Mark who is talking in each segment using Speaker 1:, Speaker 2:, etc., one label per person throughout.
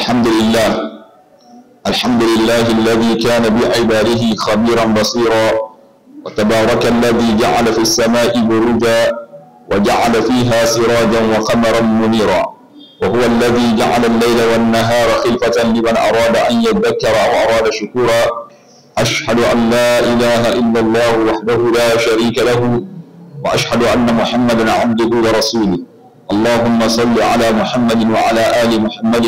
Speaker 1: الحمد لله الحمد لله الذي كان بعباده خبيرا بصيرا وتبارك الذي جعل في السماء بروجا وجعل فيها سراجا وقمرا منيرا وهو الذي جعل الليل والنهار خلفة لمن أراد أن يذكر أو أراد شكورا أشهد أن لا إله إلا الله وحده لا شريك له وأشهد أن محمدا عبده ورسوله اللهم صل على محمد وعلى آل محمد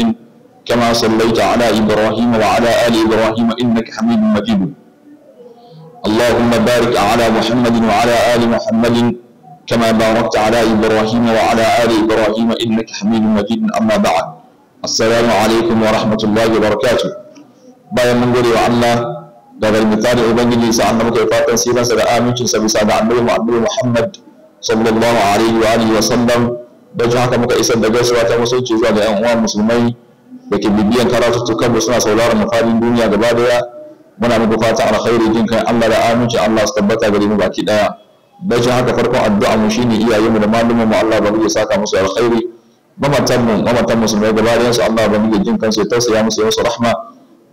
Speaker 1: كما صليت على إبراهيم وعلى آل إبراهيم إنك حميد مجيد اللهم بارك على محمد وعلى آل محمد كما باركت على إبراهيم وعلى آل إبراهيم إنك حميد مجيد أما بعد السلام عليكم ورحمة الله وبركاته بايا من قولي وعلا دار المثال أبني لي سعنا مكفاتا سيرا سلا آمين شنسا بسعد محمد صلى الله عليه وآله وسلم بجعك مكئسا بجاسواتا وصوتي جوالي أموال مسلمين da ke bibiyan karatuttukan mu suna sauraron mu duniya gaba daya muna muku fatan alkhairi jin kai Allah da aminci Allah su tabbata gare mu baki daya bacin haka farkon addu'a mu shine iyaye mu da malumin mu Allah bari ya saka musu alkhairi mamatan mu mamatan mu su mai gaba da su Allah bari ya jin kansu ya tausaya musu ya musu rahma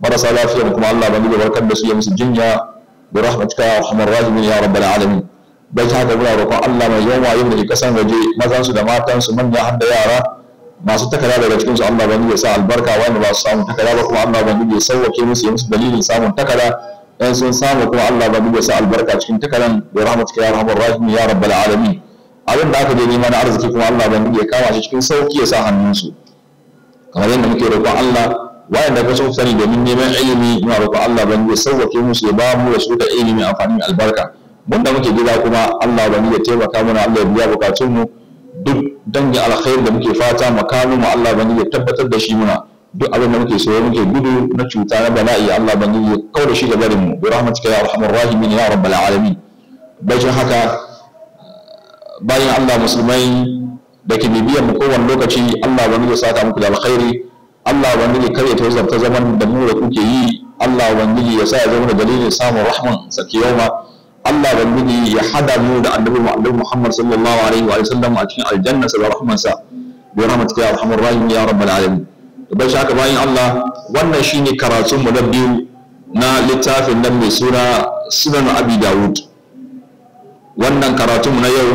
Speaker 1: marasa lafiya kuma Allah bari ya barkar da su ya musu jinya Da rahmatika ya arhamar rahimin ya rabbal alamin bacin haka muna roƙon Allah mai yawan wayo da ke kasan waje mazan su da matan su manya har da yara masu takara daga cikin su Allah bani ya sa albarka wanda ba su samu takara ba kuma Allah bani ya sauwake musu ya musu dalilin samun takara dan sun samu kuma Allah bani ya sa albarka cikin takaran da rahmatuka ya rahmar rahim ya rabbal alamin abin da aka je nema na arziki kuma Allah bani ya kama shi cikin sauki ya sa hannunsu kamar yadda muke roƙon Allah da ka so sani domin neman ilimi muna roƙon Allah bani ya sauwake musu ya ba mu da su da ilimi amfanin albarka mun da muke gida kuma Allah bani ya taimaka mana Allah ya biya bukatunmu mu duk dangi alkhair da muke fata makamu mu Allah bani ya tabbatar da shi muna duk abin da muke so muke gudu na cuta na bala'i Allah bani ya kaura shi da barin mu bi rahmatika ya arhamar rahimin ya rabbal alamin bacin haka bayan Allah musulmai da ke bibiyar mu kowane lokaci Allah bani ya saka muku da alkhairi Allah bani ya karya ta zaman da mu da kuke yi Allah bani ya sa ya zama da dalilin samun rahman sakiyauma Allah bangiji ya hada mu da annabi Annabi Muhammad sallallahu alaihi wa sallam a cikin aljanna sa da rahmansa bi rahmatika ya arhamar rahim ya rabbal alamin to bai shaka bayin Allah wannan shine karatun mu na biyu na littafin nan mai suna Sunan Abi Da'ud, wannan karatun mu na yau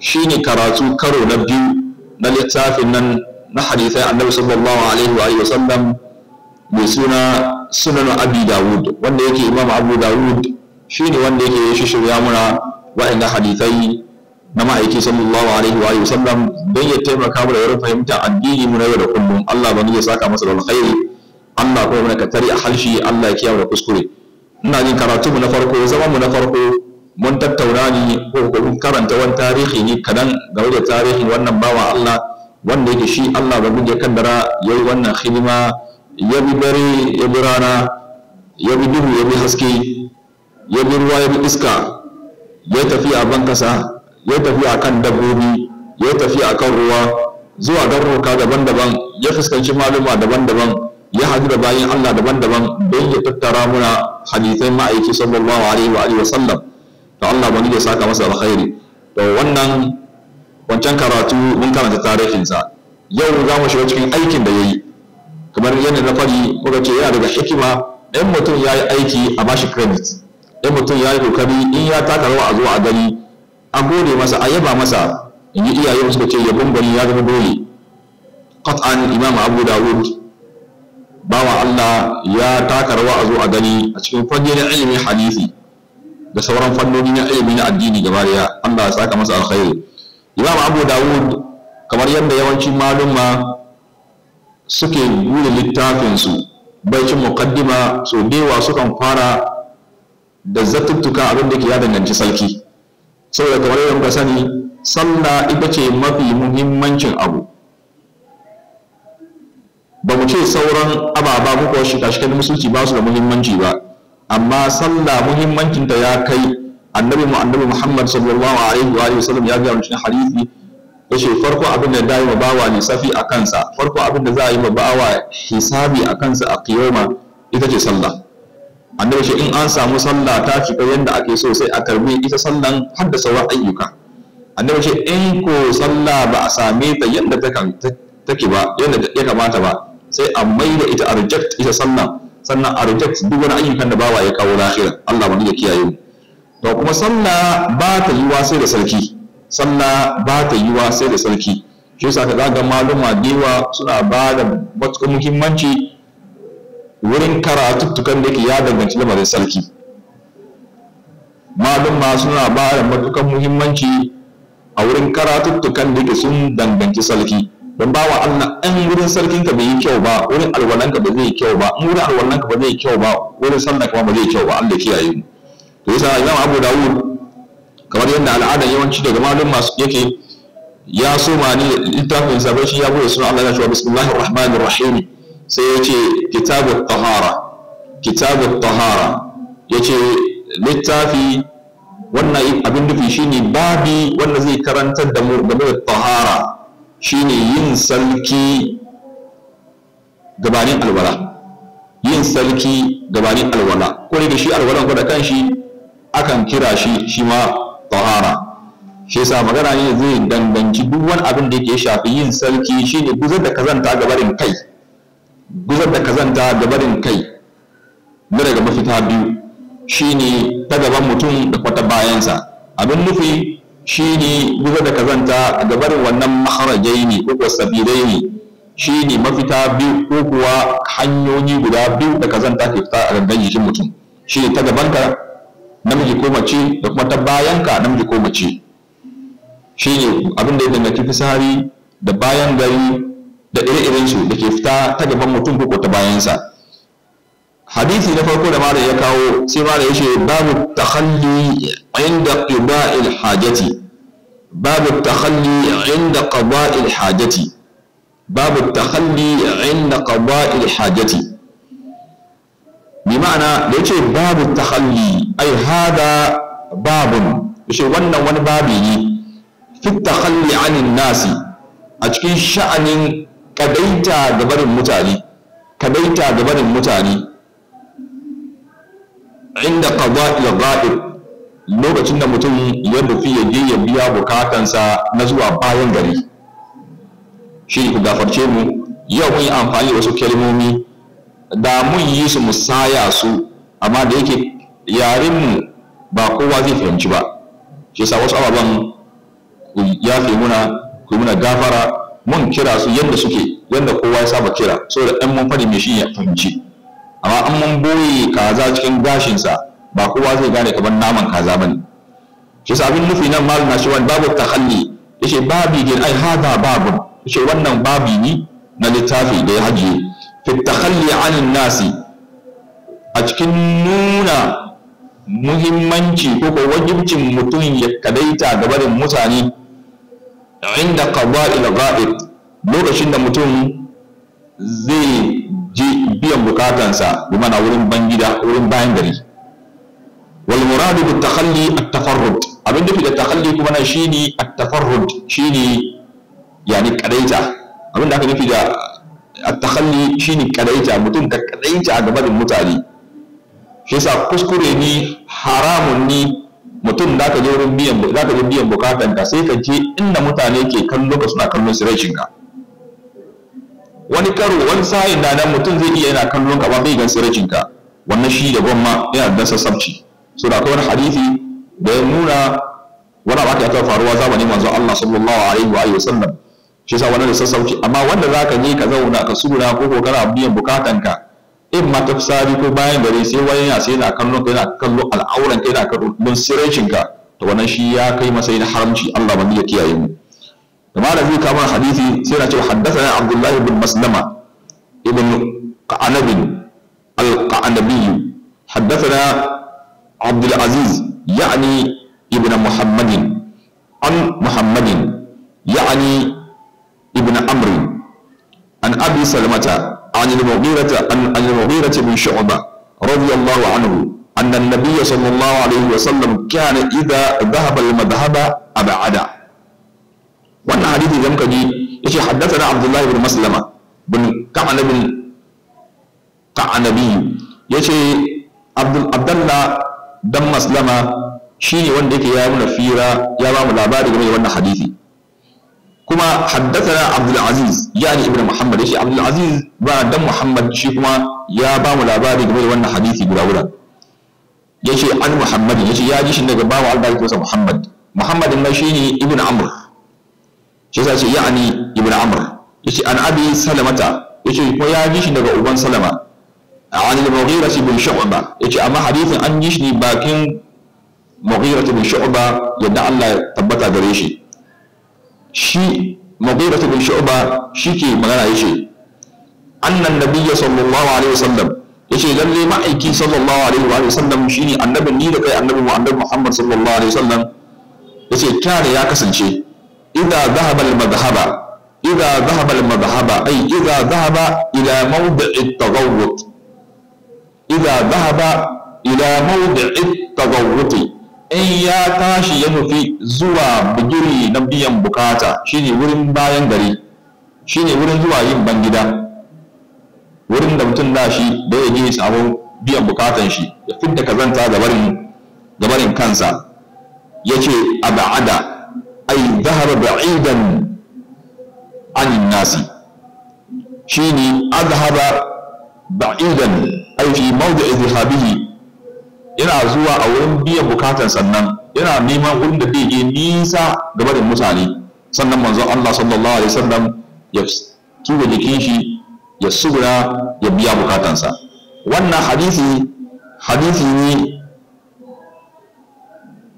Speaker 1: shine karatu karo na biyu na littafin nan na hadisai annabi sallallahu alaihi wa sallam mai suna Sunan Abi Da'ud, wanda yake Imam Abu Da'ud. shi ne wanda yake shi shirya muna da hadisai na ma'aiki sallallahu alaihi wa sallam don ya taimaka mu da wurin fahimta addini mu na yau da kullum Allah bani ya saka masa da alkhairi Allah kuma mana katari a halshi Allah ya kiyaye da kuskure ina jin karatu mu na farko zaman mu na farko mun tattauna ne ko mun karanta wani tarihi ne kadan game da tarihin wannan bawa Allah wanda yake shi Allah bani ya kaddara yayi wannan hidima ya bi bare ya bi rana ya bi duhu ya bi haske ya bi ruwa ya bi iska ya tafi a ban kasa ya tafi a kan dabbobi ya tafi a kan ruwa zuwa garruka daban-daban ya fuskanci maluma daban-daban ya haɗu da bayan Allah daban-daban don ya tattara muna hadisai ma'aiki sallallahu alaihi wa alihi wa sallam to Allah bani ya saka masa alkhairi to wannan wancan karatu mun karanta tarihinsa yau za mu shiga cikin aikin da yayi kamar yadda na fari muka ce yana daga hikima ɗan mutum ya yi aiki a bashi credit in mutum ya yi kokari in ya taka rawa a zuwa a gani a gode masa a yaba masa in yi iyayen suka ce ya bambani ya zama dole qat'an imam abu dawud bawa Allah ya taka rawa a zuwa a gani a cikin fanni na ilimin hadisi da sauran fannoni na ilimi na addini gaba daya Allah ya saka masa alkhairi imam abu dawud kamar yadda yawancin malumma suke gure littafinsu baicin muqaddima so dewa sukan fara da zattuttuka abin da ke ya danganci salki saboda kamar yadda muka sani sallah ita ce mafi muhimmancin abu ba mu ce sauran ababa muka wasu shika musulci ba su da muhimmanci ba amma sallah muhimmancinta ya kai annabi mu annabi muhammad sallallahu alaihi wa sallam ya ga cikin hadisi ce farko abin da da ma bawa safi a kansa farko abin da za a yi ma bawa hisabi a kansa a kiyoma ita ce sallah annabi shi in an samu sallah ta shiga yadda ake so sai a karbi ita sallan har da sauran ayyuka annabi shi in ko sallah ba a same ta yadda take ba yadda ya kamata ba sai a da ita a reject ita sallan sannan a reject duk wani ayyukan da bawa ya kawo lahira Allah ba ya kiyaye mu to kuma sallah ba ta yi sai da sarki sallah ba ta yi sai da sarki shi yasa ka ga malama da yawa suna ba da matuƙar muhimmanci wurin karatuttukan da ke ya danganci lamarin sarki malum ma suna ba da matukan muhimmanci a wurin karatuttukan da ke sun danganci sarki don ba wa Allah ɗan wurin sarkinka bai yi kyau ba wurin alwalanka ba zai yi kyau ba in wurin alwalanka ba zai yi kyau ba wurin sallah kuma ba zai yi kyau ba Allah kiyaye mu to yasa Imam Abu Dawud kamar yadda al'adan yawanci daga malum masu yake ya so ma ni littafin sa shi ya bude suna Allah ya wa bismillahir rahmanir rahim sai ya ce kitabu tahara kitabun tahara ya ce littafi wannan abin nufi shine babi wanda zai karantar da mu game da tahara shine yin salki gabanin alwala yin salki gabanin alwala ko da shi alwala ko da kanshi akan kira shi shi ma tahara shi yasa magana ne zai danganci duk wani abin da yake shafi yin salki shine guzar da kazanta gabarin kai gusar da kazanta da barin kai na daga mafita biyu shine ta gaban mutum da kwata bayansa abin nufi shine gusar da kazanta da barin wannan maharajai ne ko kuwa sabirai ne shine mafita biyu ko kuwa hanyoyi guda biyu da kazanta ke fita a gangan jikin mutum shine ta gabanka namiji ko mace da kuma ta bayanka namiji ko mace shine abin da ya danganci fisari da bayan gari da ire-iren da ke fita ta gaban mutum ko ta bayansa hadisi na farko da mara ya kawo sai mara ya ce babu takhalli inda qiba'il hajati babu takhalli inda qada'il hajati babu takhalli inda qada'il hajati bi ma'ana da yace babu takhalli ai hada babun yace wannan wani babi ne fi takhalli anin nasi a cikin sha'anin kadaita ga barin mutane kadaita ga barin mutane inda qada'il ghaib lokacin da mutum ya nufi ya je ya biya bukatansa na zuwa bayan gari shi ku gafarce mu yau mun yi amfani da wasu kalmomi da mun yi su musaya su amma da yake yaren mu ba kowa zai fahimci ba shi yasa wasu ababen ya fi muna ku muna gafara mun kira su yadda suke yadda kowa ya saba kira saboda ɗan mun fari mai shi ya fahimci amma an mun boye kaza cikin gashinsa ba kowa zai gane kamar naman kaza ba ne shi abin nufi nan malu na shi wani babu Ya ce babi din ai hada Ya ce wannan babi ne na littafi da ya hajiye fi takhalli anin nasi a cikin nuna muhimmanci ko ko wajibcin mutum ya kadaita gabanin mutane inda qada'il ghaib lokacin da mutum zai je biyan bukatansa bi mana wurin bangida wurin bayan gari wal muradu bi takhalli at tafarrud abin nufi da takhalli kuma na shine at tafarrud shine yani kadaita abin da aka nufi da at takhalli shine kadaita mutum ka kadaita a gaban mutane shi yasa kuskure ni haramun ni mutum ka biyan za ka biyan bukatan ka sai ka je inda mutane ke kallo ka suna kallon sirashin ka wani karo wani sa'in da nan mutum zai iya yana kallon ka ba zai gan sirashin ka wannan shi da gwamma yana da sassabci so da akwai wani hadisi da ya nuna wani abu ya taɓa faruwa zamanin manzon Allah sallallahu alaihi wa alihi wasallam shi yasa wannan da sassabci amma wanda za ka je ka zauna ka sura ko ko kana biyan bukatan ka in ma ta ko bayan gari sai wani yana sai yana kallon ka yana kallo al'auran ka yana kallon sirancin ka to wannan shi ya kai masa na haramci Allah ban ya kiyaye mu da ma da zai kama hadisi sai na ce na Abdullahi bin Maslama ibn Qanab al-Qanabi Haddasa na Aziz yani ibn Muhammadin an Muhammadin yani ibn Amr an Abi Salmata عن المغيرة عن المغيرة بن شعبة رضي الله عنه أن النبي صلى الله عليه وسلم كان إذا ذهب المذهب أبعد وأن حديث ذمك دي يشي حدثنا عبد الله بن مسلمة بن كعن بن كعنبي يشي عبد عبد الله دم مسلمة شيني وندك يا من فيرا يا رام العباد كما يقولنا حديثي kuma haddathana Abdul Aziz ni Ibn Muhammad yace Abdul Aziz ba dan Muhammad shi kuma ya ba mu labari game da wannan hadisi guda guda yace an Muhammad yace ya ji shi daga bawa Allah ko sa Muhammad Muhammad ma shine Ibn Amr shi Ya ce yani Ibn Amr yace an Abi Salamata yace ko ya ji shi daga uban Salama an al-Mughira bin Shu'ba yace amma hadisin an ji shi bakin Mughira bin Shu'ba yadda Allah ya tabbata gare shi shi mabira bin shu'ba shike magana yace annan nabiyyi sallallahu alaihi wasallam yace lalle ma'aiki sallallahu alaihi wasallam shine annabi ni da kai annabi mu annabi Muhammad sallallahu alaihi wasallam yace kyare ya kasance idza dhahaba al-madhhaba idza dhahaba al-madhhaba ay idza dhahaba ila mawdi' al tadawwut idza dhahaba ila mawdi' al tadawwut in ya tashi ya nufi zuwa bugiri na biyan bukata shine wurin bayan gari shine wurin zuwa yin bangida wurin da mutum da shi da ya gini samu biyan bukatan shi ya fidda kazanta da barin kansa ya ce a ba'ada ai zahara ba'idan anin nasi shine azhaba ba'idan ai fi mawdi'i dhahabihi yana zuwa a wurin biyan bukatan sannan yana neman wurin da zai je nisa game da mutane sannan manzo Allah sallallahu alaihi wasallam ya tura jikin shi ya sugura ya biya bukatansa wannan hadisi hadisi ne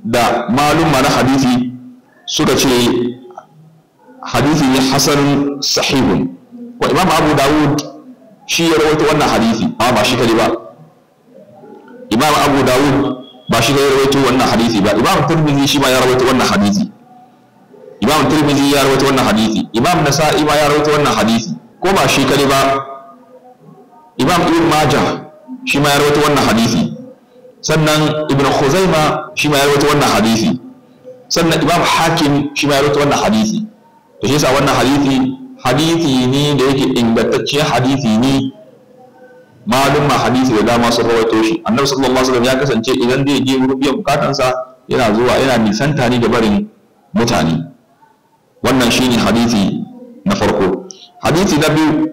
Speaker 1: da malum na hadisi suka ce hadisi ne hasan sahihun wa imam abu dawud shi ya rawaito wannan hadisi amma ba shi kali ba imam abu dawud ba shi ya rawaito wannan hadisi ba imam tirmidhi shi ma ya rawaito wannan hadisi imam tirmidhi ya rawaito wannan hadisi imam nasa'i ma ya rawaito wannan hadisi ko ba shi kare ba imam ibn majah shi ma ya rawaito wannan hadisi sannan ibn khuzaima shi ma ya rawaito wannan hadisi sannan imam hakim shi ma ya rawaito wannan hadisi to shi yasa wannan hadisi hadisi ne da yake ingantacciyar hadisi ne malum ma hadisi da dama sun rawaito shi annabi sallallahu alaihi wasallam ya kasance idan zai je wurin biyan bukatansa yana zuwa yana nisanta ni da barin mutane wannan shine hadisi na farko hadisi na biyu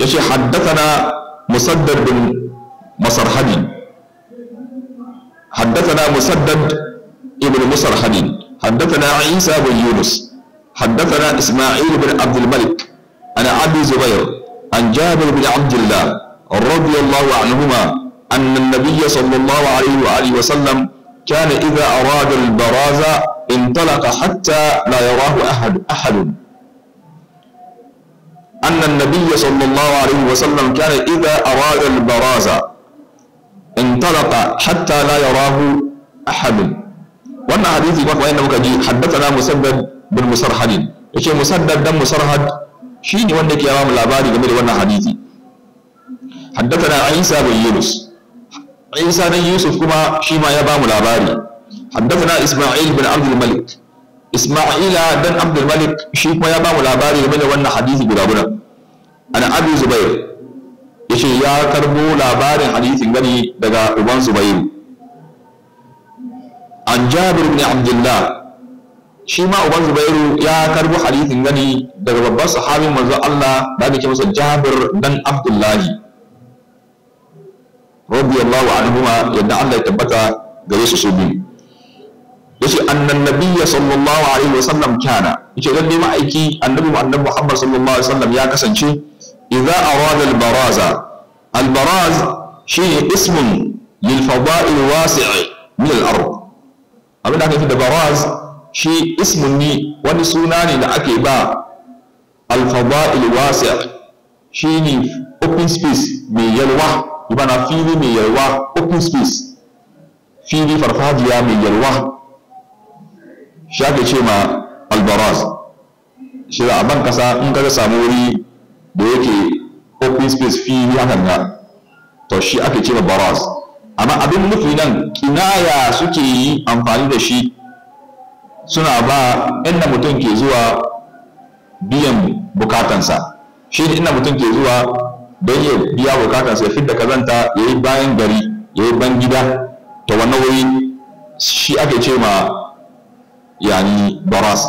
Speaker 1: yace haddathana musaddad bin masarhadi haddathana musaddad ibn musarhadi haddathana isa bin yunus haddathana isma'il bin abdul malik an abi zubair an jabir bin abdullah رضي الله عنهما أن النبي صلى الله عليه وآله وسلم كان إذا أراد البراز انطلق حتى لا يراه أحد أحد أن النبي صلى الله عليه وسلم كان إذا أراد البراز انطلق حتى لا يراه أحد وأن حديث بقى إنه كجي حدثنا مسدد بن مسرحد مسدد دم مسرحد شيني وأنك رام العبادي قبل وأن حديثي haddathana Isa bin Yunus Isa bin Yusuf kuma shi ya bamu labari haddathana Isma'il bin Abdul Malik Isma'ila dan Abdul Malik shi kuma ya bamu labari game da wannan hadisi guda guda an Abi Zubair ya karbo labarin hadisin gani daga uban Zubair an Jabir bin Abdullah shi uban zubairu ya karbo hadisin gani daga babban sahabin manzo Allah da ake masa Jabir dan Abdullahi radiyallahu anhuma yadda Allah ya tabbata gare su su biyu yace annan nabiyya sallallahu alaihi wasallam kana yace lalle ma'aiki annabi annabi Muhammad sallallahu alaihi sallam ya kasance idza arada al-baraza al-baraz shi ismun lil fada'i wasi' min al-ard abin da aka da baraz shi ismun ne wani suna ne da ake ba al-fada'i wasi' shi ne open space mai yalwa bana fili mai yalwa open space fili farfajiya mai yalwa shi aka ce ma albaraz shi da ban kasa in ka samu wuri da yake open space fili hakan ga to shi aka ce ma baraz amma abin nufi nan kinaya suke yi amfani da shi suna ba inda mutum ke zuwa biyan bukatansa shi inda mutum ke zuwa don ya biya bukatan sai fidda kazanta ya yi bayan gari ya yi ban gida ta wani wuri shi ake ce ma yani baras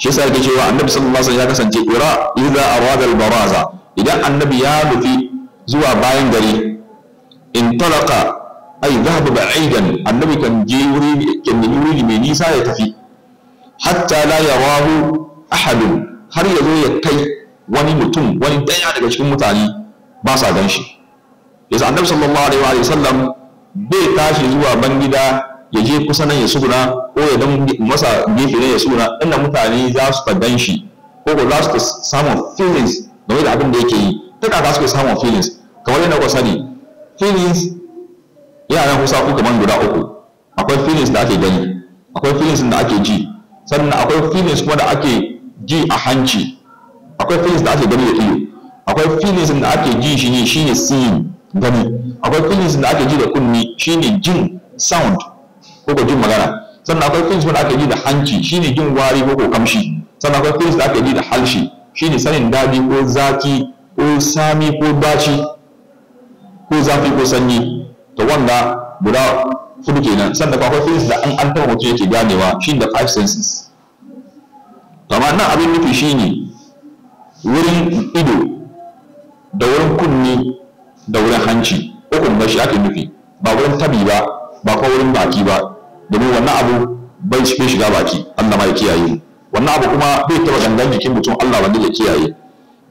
Speaker 1: shi yasa ake cewa annabi sallallahu alaihi wasallam ya kasance ira idza arada al baraza idan annabi ya nufi zuwa bayan gari in talaka ay dhahaba ba'idan annabi kan je wuri kan nemi wuri mai nisa ya tafi hatta la yarahu ahad har ya zo ya kai wani mutum wani daya daga cikin mutane ba sa gan shi yasa annabi sallallahu alaihi wa sallam bai tashi zuwa bangida ya je kusa nan ya suna ko ya dan masa gefe ne ya suna inda mutane za su ta gan shi ko ko za su ta samun feelings game da abin da yake yi ta za su samun feelings kamar yadda ku sani feelings yaran kusa ku kamar guda uku akwai feelings da ake gani akwai feelings da ake ji sannan akwai feelings kuma da ake ji a hanci akwai feelings da ake gani da ido akwai feelings da ake ji shi ne shine seeing gani akwai feelings da ake ji da kunni shine jin sound ko ko jin magana sannan akwai feelings da ake ji da hanci shine jin wari ko ko kamshi sannan akwai feelings da ake ji da halshi shine sanin dadi ko zaki ko sami ko daci ko zafi ko sanyi to wanda guda hudu kenan sannan akwai feelings da an an taba mutum yake ganewa shine da five senses to amma nan abin nufi shine wurin ido da wurin kunni da wurin hanci ukun ba shi ake nufi ba wurin tabi ba ba kuma wurin baki ba domin wannan abu bai shi shiga baki Allah ma ya kiyaye wannan abu kuma bai taba gangan jikin mutum Allah wanda ya kiyaye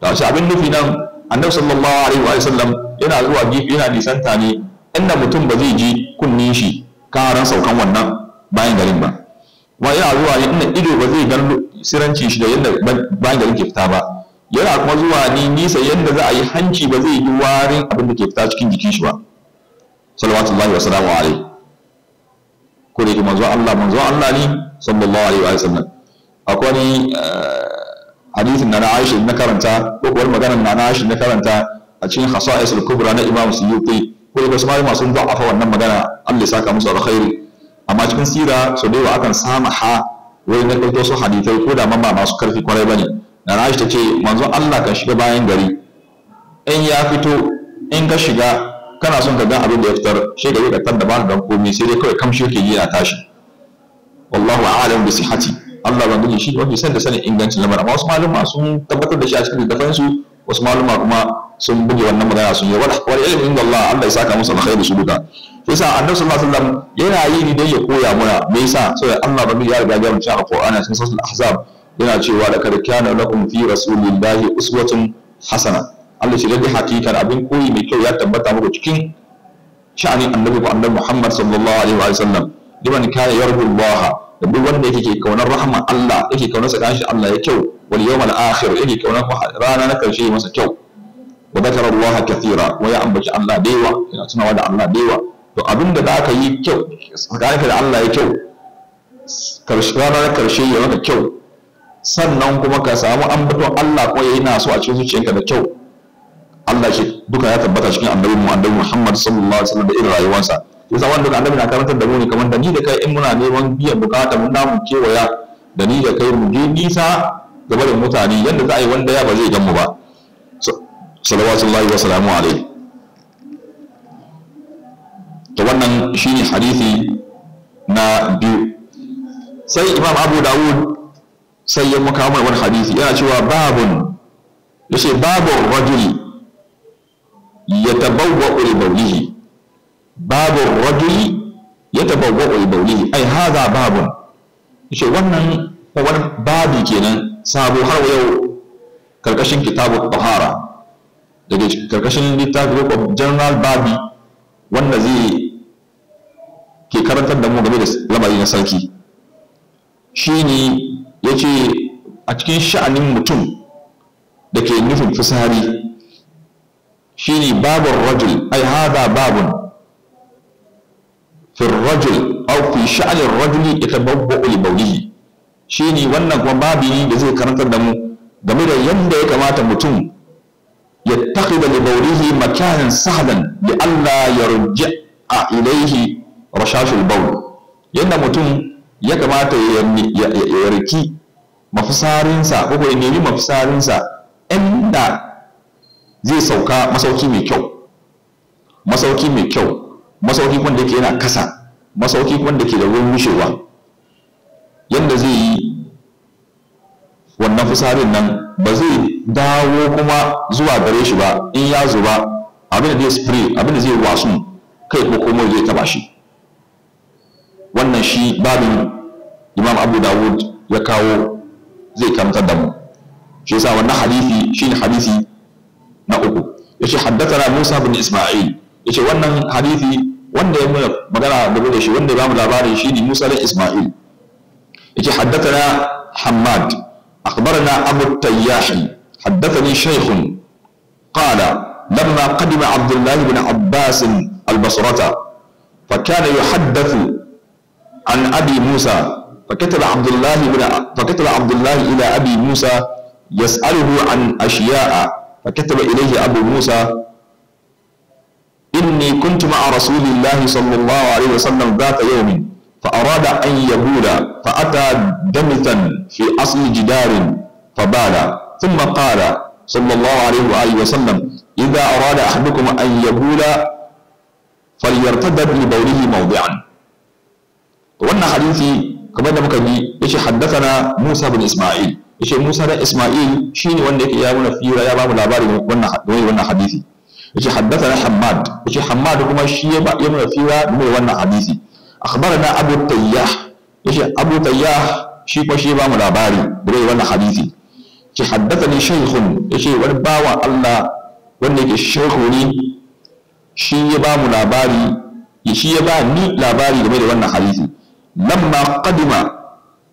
Speaker 1: da shi abin nufi nan annabi sallallahu alaihi wa sallam yana zuwa gifi yana nisanta ne inda mutum ba zai ji kunni shi karan saukan wannan bayan garin ba wa yana zuwa ne inda ido ba zai gan siranci shi da yadda bayan garin ke fita ba yana kuma zuwa ni nisa yadda za a yi hanci ba zai yi warin abin da ke fita cikin jikin shi ba salawatullahi wa salamu alaihi ko da yake manzo Allah manzo Allah ne sallallahu alaihi wa sallam akwai ni eh, hadisin na Aisha na karanta ko kuwa magana na Aisha na karanta a cikin khasa'isul kubra na Imam Suyuti ko da Usman masu da'afa wannan magana Allah ya saka musu alkhairi amma cikin sira so da akan sama ha wai na dauko su hadisai ko da ma ba masu karfi kwarai bane na ta ce manzon Allah ka shiga bayan gari in ya fito in ka shiga kana son ka ga abin da ya fitar shi gari ka tanda ba dan komai sai dai kawai kamshi yake yi na tashi wallahu a'lam bi sihhati Allah ban gani shi wani san da sanin ingancin lamar amma wasu malama sun tabbatar da shi a cikin littafin su wasu malama kuma sun buge wannan magana sun yi wal ilmi inda Allah Allah ya saka musu alkhairi su duka sai sa annabi sallallahu alaihi wasallam yana yi ne dai ya koya mana me yasa sai Allah ban ya riga ya mu a Qur'ani sun san al-ahzab yana cewa da kada kana lakum fi rasulillahi uswatun hasana Allah shi dai hakikan abin koyi mai kyau ya tabbata muku cikin sha'anin annabi ko annabi Muhammad sallallahu alaihi wa sallam liman kana yarju Allah da duk wanda yake kaunar rahman Allah yake kaunar tsakanin shi Allah ya kyau wal yawmal akhir yake kaunar rana na karshe masa kyau wa dhakara Allah kathira wa ya ambaci Allah da yawa yana tunawa da Allah da yawa to abin da zaka yi kyau tsakanin da Allah ya kyau karshe rana na karshe ya maka kyau sannan kuma ka samu ambaton Allah ko na so a cikin zuciyarka da kyau Allah shi duka ya tabbata cikin annabi mu annabi Muhammad sallallahu alaihi wasallam da irin rayuwarsa yasa wanda duka annabi na karantar da mu ne kamar da ni da kai in muna neman biyan bukata mun da mu kewaya da ni da kai mu je nisa gaba da mutane yadda za a yi wanda ya ba zai gan mu ba salawatullahi wa salamu alaihi to wannan shine hadisi na biyu sai imam abu dawud sai ya muka wani hadisi yana cewa babun ce babun rajuli yatabawwa li bawlihi babun rajuli ya li bawlihi ai hadha babun ce wannan wani babu kenan sabo har yau karkashin kitabu bahara daga karkashin littafin general babi wanda zai ke karantar da mu game da labari na sarki ne ya ce a cikin sha'anin mutum da ke nufin fusari shi ne babin rajul ai hada babin fi rajul au fi sha'anin rajul ya tababba ulibaulihi shi ne wannan kuma babi ne da zai karantar da mu game da yadda ya kamata mutum ya taƙida libaulihi makanin sahadan da Allah ya rujja a ilaihi rashashul bau. yadda mutum ya kamata ya warki mafisarinsa ko ya nemi mafisarinsa inda zai sauka masauki mai kyau masauki mai kyau masauki wanda yake yana kasa masauki wanda ke da ruwan mushewa yadda zai yi wannan fisarin nan ba zai dawo kuma zuwa gare shi ba in ya zuba abin da zai spray abin da zai wasu kai ko komai zai taba shi wannan shi babin imam abu dawud ya kawo zai karantar da mu shi yasa wannan hadisi shine hadisi na uku yace haddatana Musa bin Isma'il yace wannan hadisi wanda ya mana magana game da shi wanda ya bamu labarin shi ne Musa bin Isma'il yace haddathana Hammad akhbarana Abu Tayyahi haddathani shaykh qala لما قدم عبد الله بن عباس البصرة فكان يحدث عن أبي موسى فكتب عبد الله بن فكتب عبد الله إلى أبي موسى يسأله عن أشياء فكتب إليه أبو موسى إني كنت مع رسول الله صلى الله عليه وسلم ذات يوم فأراد أن يبول فأتى دمثا في أصل جدار فبال ثم قال صلى الله عليه وآله وسلم إذا أراد أحدكم أن يبول فليرتد لبوله موضعا wannan hadisi kamar da muka ji yace haddathana Musa bin Isma'il yace Musa da Isma'il shine wanda yake ya muna fira ya bamu labarin wannan hadisi wannan hadisi yace haddathana Hammad yace Hammad kuma shi ya ba ya muna fira mai wannan hadisi akhbarana Abu Tayyah yace Abu Tayyah shi kuma shi ya bamu labari mai wannan hadisi yace haddathani shaykhun yace wani bawan Allah wanda yake shaykhu ne shi ya bamu labari shi ya ba ni labari game da wannan hadisi lamma qadima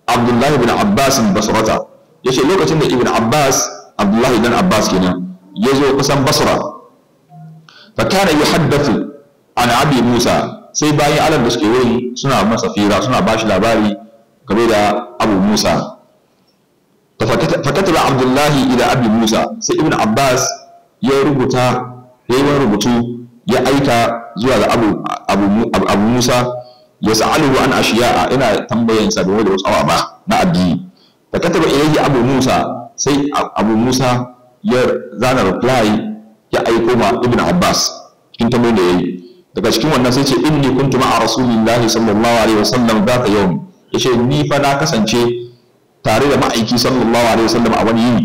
Speaker 1: Abdullahi ibn Abbas Basrata yace lokacin da Ibn Abbas Abdullahi dan Abbas kenan ya zo kusan Basra fa kana yuhaddathu an Abi Musa sai bayan alam da suke wurin suna masa fira suna bashi labari game da Abu Musa fakataba Abdullahi ila Abi Musa sai Ibn Abbas ya rubuta ya yi rubutu ya aika zuwa Abu Musa yas'aluhu an ashiya'a ina tambayan sa game da wasu ababa na addini fa kataba ilayhi abu musa sai abu musa ya zana reply ya aiko ma ibn abbas cikin tambayin da ya yi. daga cikin wannan sai ce inni kuntu ma'a rasulillahi sallallahu alaihi wasallam zaka Ya ce ni fa na kasance tare da ma'aiki sallallahu alaihi wasallam a wani yini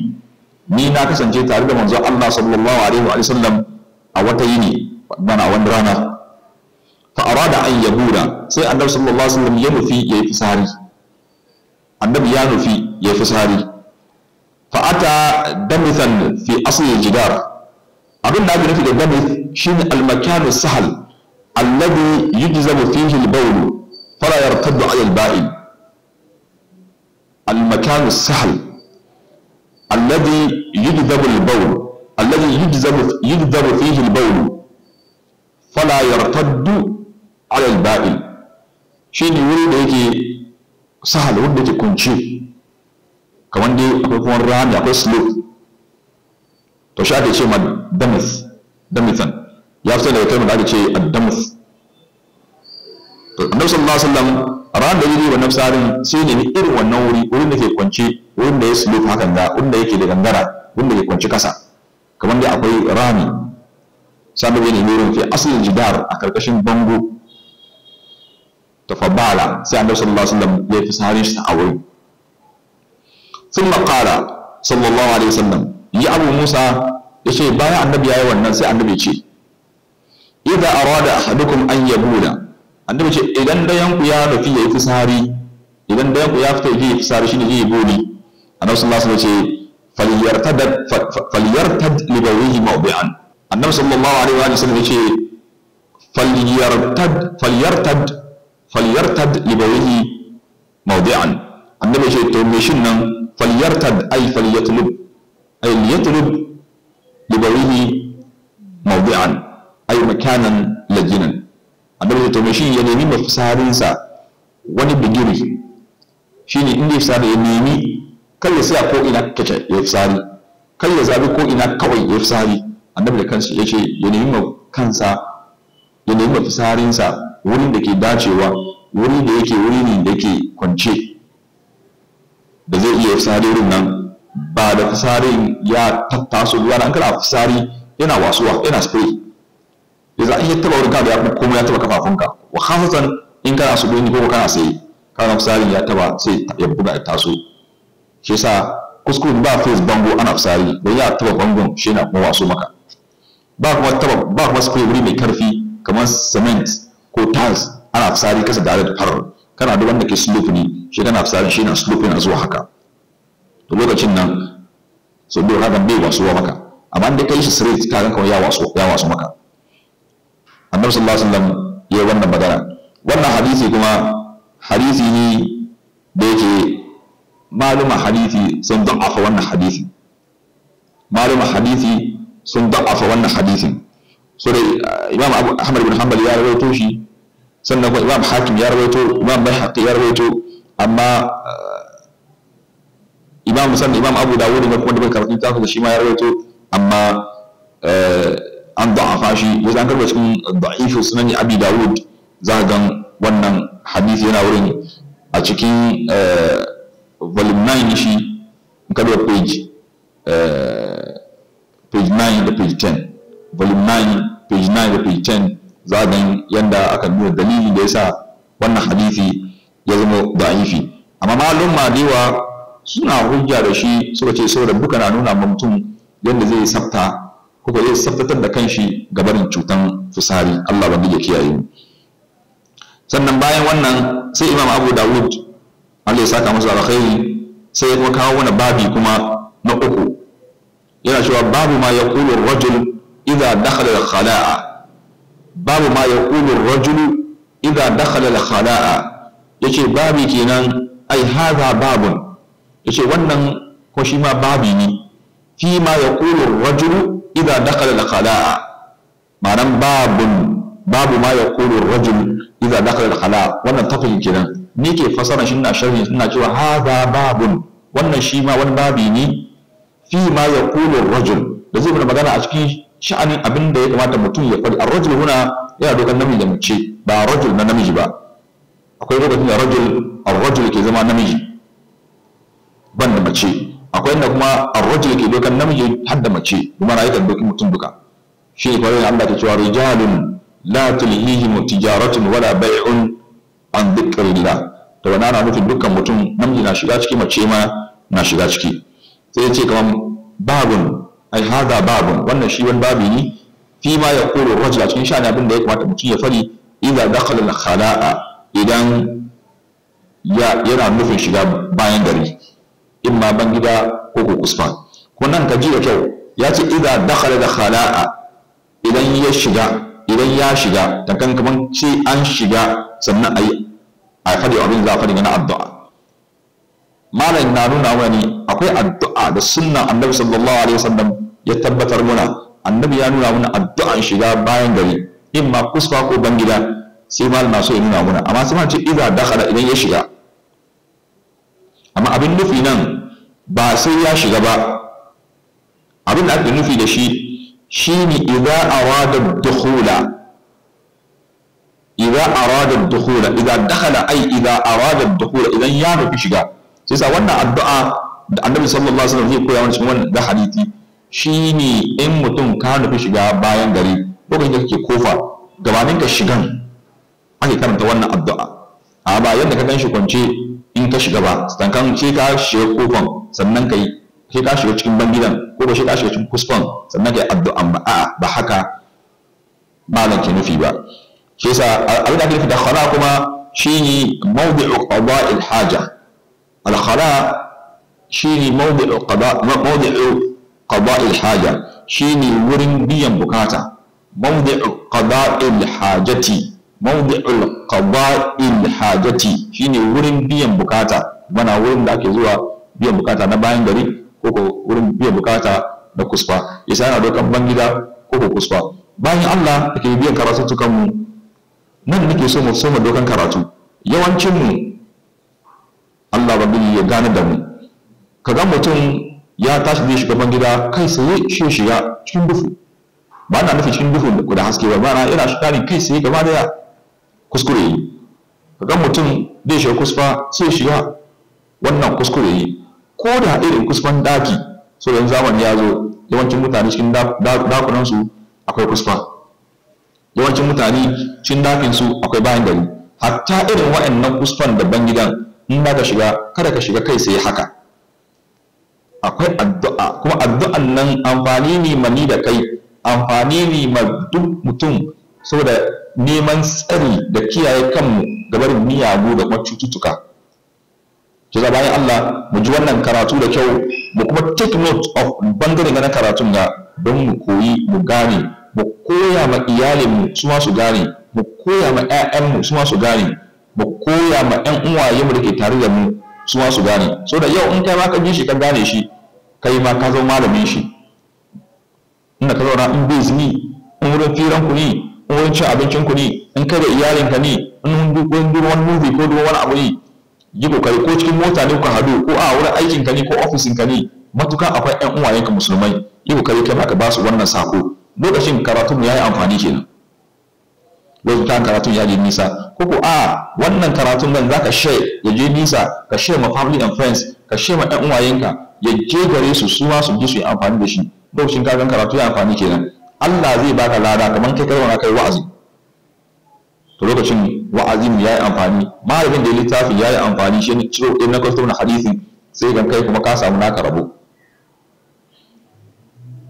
Speaker 1: ni na kasance tare da manzon Allah sallallahu alaihi wasallam a wata yini bana wani rana فأراد أن يبورا سي النبي صلى الله عليه وسلم ينفي يفساري النبي ينفي يفساري فأتى دمثا في أصل الجدار أبن نبي نفي دمث شين المكان السهل الذي يجزم فيه البول فلا يرتد على البائل المكان السهل الذي يجذب البول الذي يجذب يجذب فيه البول فلا يرتد alal ba'il shi ne wuri da yake sahal wanda yake kunce kamar dai akwai kuma rami akwai slope to shi ake ce ma damis damisan ya fito daga kalmar da ake ce addamis to annabi sallallahu alaihi wasallam ran da yiri wannan tsarin sai ne ni irin wannan wuri wurin da ke kwance wurin da ya slope hakan da wurin da yake da gangara wurin da ke kwance kasa kamar dai akwai rami sabu ne wurin fi asalin jidar a karkashin bango to fa bala sai annabi sallallahu alaihi wasallam ya fitsarin shi a wurin thumma qala sallallahu alaihi wasallam yi abu musa ya ce bayan annabi yayi wannan sai annabi ya ce idza arada ahadukum an yabula annabi ce idan dayan ku ya nufi yayi fitsari idan dayan ku ya fita yayi fitsari shine yayi boli annabi sallallahu alaihi wasallam ce falyartad falyartad li bawihi mawdi'an annabi sallallahu alaihi wasallam yace falyartad falyartad falyartad libawihi mawdi'an annabi ce to me shin nan falyartad ay falyatlub ay liyatlub libawihi mawdi'an ay makanan lajinan annabi ce to me shin ya nemi mafisarinsa wani bigiri shine inda ya ya nemi kar ya tsaya ko ina kace ya tsari kar ya zabi ko ina kawai ya tsari annabi da kansa ya nemi kansa ya nemi mafisarinsa. wurin da ke dacewa wuri da yake wuri da ke kwance da zai iya fitsarin nan ba da fusari ya tattaso ruwa da an kana fusari yana wasuwa yana spray da za a iya taba wurin kada ya kuma ya taba kafafunka wa hasasan in kana su ne ko kana sai kana fusari ya taba sai ya buga ya taso shi yasa kuskure ba face bango ana fusari don ya taba bangon shi na kuma waso maka ba kuma taba ba kuma spray wuri mai karfi kamar cement ko tans ana fisari kasa da da farar kana da wanda ke slope ne shi kana fisari shi na slope yana zuwa haka to lokacin nan so do haka bai wa maka amma da kai shi straight ka ganka ya wasu ya wasu maka annabi sallallahu alaihi wasallam ya yi wannan magana wannan hadisi kuma hadisi ne da yake maluma hadisi sun da'afa wannan hadisi maluma hadisi sun da'afa wannan hadisin sai uh, imam abu ahmad ibn hanbal ya rawaito shi sannan kuma imam hakim ya rawaito imam baihaqi ya rawaito amma uh, imam musan imam abu dawud ne kuma da karatu ta shi ma ya rawaito amma uh, an da'afa shi wasu an karba cikin da'ifu sunan abi dawud za gan wannan hadisi yana wurin a cikin volume 9 shi in ka page page 9 da page 10 volume 9 page 9 da page 10 za a gani yadda aka nuna dalili da yasa wannan hadisi ya zama da'ifi amma malum Madiwa suna hujja da shi suka ce saboda duka na nuna ma mutum yadda zai safta ko ko zai sabtatar da kanshi ga barin cutan fusari Allah ban ya kiyaye sannan bayan wannan sai Imam Abu Dawud Allah ya saka masa alkhairi sai ya kuma kawo wani babi kuma na uku yana cewa babu ma ya ar-rajul idza dakhala al-khala'a babu ma yaqulu ar-rajulu idza dakhala al-khala'a yace babi kenan ai hadha babun yace wannan ko shi ma babi ne fi ma yaqulu ar-rajulu idza dakhala al-khala'a babun babu ma yaqulu ar-rajulu idza dakhala al-khala'a wannan tafsir kenan ni ke fasara shi na sharhi suna cewa haza babun wannan shi ma wani fi ma ya da zai mana magana a sha'anin abin da ya kamata mutum ya faɗi A rajul huna yana dokan namiji da mace ba rajul na namiji ba akwai lokacin da rajul ar-rajul ke zama namiji ban da mace akwai inda kuma ar-rajul ke dokan namiji har da mace kuma rayuka dokin mutum duka shi ne kwarin Allah ta cewa rijalun la tulhihim tijaratun wala bai'un an dhikrillah to wannan ana nufin dukkan mutum namiji na shiga ciki mace ma na shiga ciki sai ya ce kamar babun ai hada babun wannan shi wani babi ne fi ma ya kulu rajul a cikin sha'ani abin da ya kamata mutum ya fari idza dakhala al-khala'a idan ya yana nufin shiga bayan gari in ma ban gida ko ko kusfa ko nan ka ji da kyau ya ce idan dakhala al-khala'a idan ya shiga idan ya shiga dan kan kaman ce an shiga sannan ai a fadi abin za a fadi na addu'a malam na nuna wani akwai addu'a da sunna annabi sallallahu alaihi wasallam ya tabbatar muna annabi ya nuna muna addu'an shiga bayan gari in ma kusfa ko bangida sai malam na so ya nuna muna amma sai ma ce idza dakhala idan ya shiga amma abin nufi nan ba sai ya shiga ba abin da ake nufi da shi shine idza arada dukhula إذا أراد idan إذا دخل أي إذا أراد dukhula idan ya nufi shiga. sai sa wannan addu'a da annabi sallallahu alaihi wasallam zai koya mana cikin wannan hadisi shine in mutum ka nufi shiga bayan gari ko kan kake kofa gabanin ka shigan ake karanta wannan addu'a a ba yadda ka ganshi kwance in ka shiga ba kan ce ka shiga kofan sannan kai ke ka shiga cikin bangidan ko ba shi ka shiga cikin kuskon sannan ka yi addu'an ba a'a ba haka malam ke nufi ba shi yasa abin da ake nufi da khala kuma shine mawdi'u qada'il haja alkhala shine mawdi'u qada mawdi'u qada'il haja shine wurin biyan bukata mawdi'u qada'il hajati mawdi'ul qada'il hajati shine wurin biyan bukata mana wurin da ake zuwa biyan bukata na bayan gari ko ko wurin biyan bukata na kusfa yasa ana dokan bangida ko kusfa bayan Allah da ke biyan karatu tukan mu nan nake so mu so mu karatu yawancin mu Allah rabbi ya gane da mu kaga mutum ya tashi zai shiga gida kai sai shi shiga cikin duhu ba na nufi cikin duhu da haske ba ba na yana shiga ne kai sai gaba daya kuskure yi kaga mutum zai shiga kusfa sai shiga wannan kuskure yi ko da irin kusfan daki so yanzu zamani ya zo yawancin mutane cikin dakunan su akwai kusfa yawancin mutane cikin dakin su akwai bayan gari hatta irin wa'annan kusfan da ban gidan in ba ka shiga kada ka shiga kai sai haka akwai addu'a kuma addu'an nan amfani ne ma ni da kai amfani ne ma duk mutum saboda neman tsari da kiyaye kanmu ga barin miyagu da kuma cututtuka jaza bayan Allah mu ji wannan karatu da kyau mu kuma take note of bangaren na karatun da, don mu koyi mu gane mu koya ma iyalinmu su ma su gane mu koya ma 'ya'yanmu su ma su gane mu koya ma ƴan uwaye mu da ke tare da mu su ma su gane so da yau in kai ma ka ji shi ka gane shi kai ma ka zama malamin shi inda ka zauna in bai ni in wurin firan ku ne in wurin cin abincin ku ne in kai da iyalin ka ne in wurin duk wani movie ko duk wani abu ne yi kokari ko cikin mota ne ku hadu ko a wurin aikin ka ne ko ofisin ka ne matuka akwai ƴan uwayenka musulmai yi kokari kai ma ka ba su wannan sako lokacin karatun ya yi amfani kenan Wai ta karatun ya je nisa ko ko a wannan karatun nan zaka she ya je nisa ka she ma family and friends ka she ma ɗan uwayenka ya je gare su su ma su ji su yi amfani da shi lokacin ka karatu ya amfani kenan Allah zai baka lada kamar kai kai kai wa'azi to lokacin wa'azi mu yayi amfani malamin da littafi yayi amfani shi ne ciro din na kwasto na hadisi sai kan kai kuma ka samu naka rabo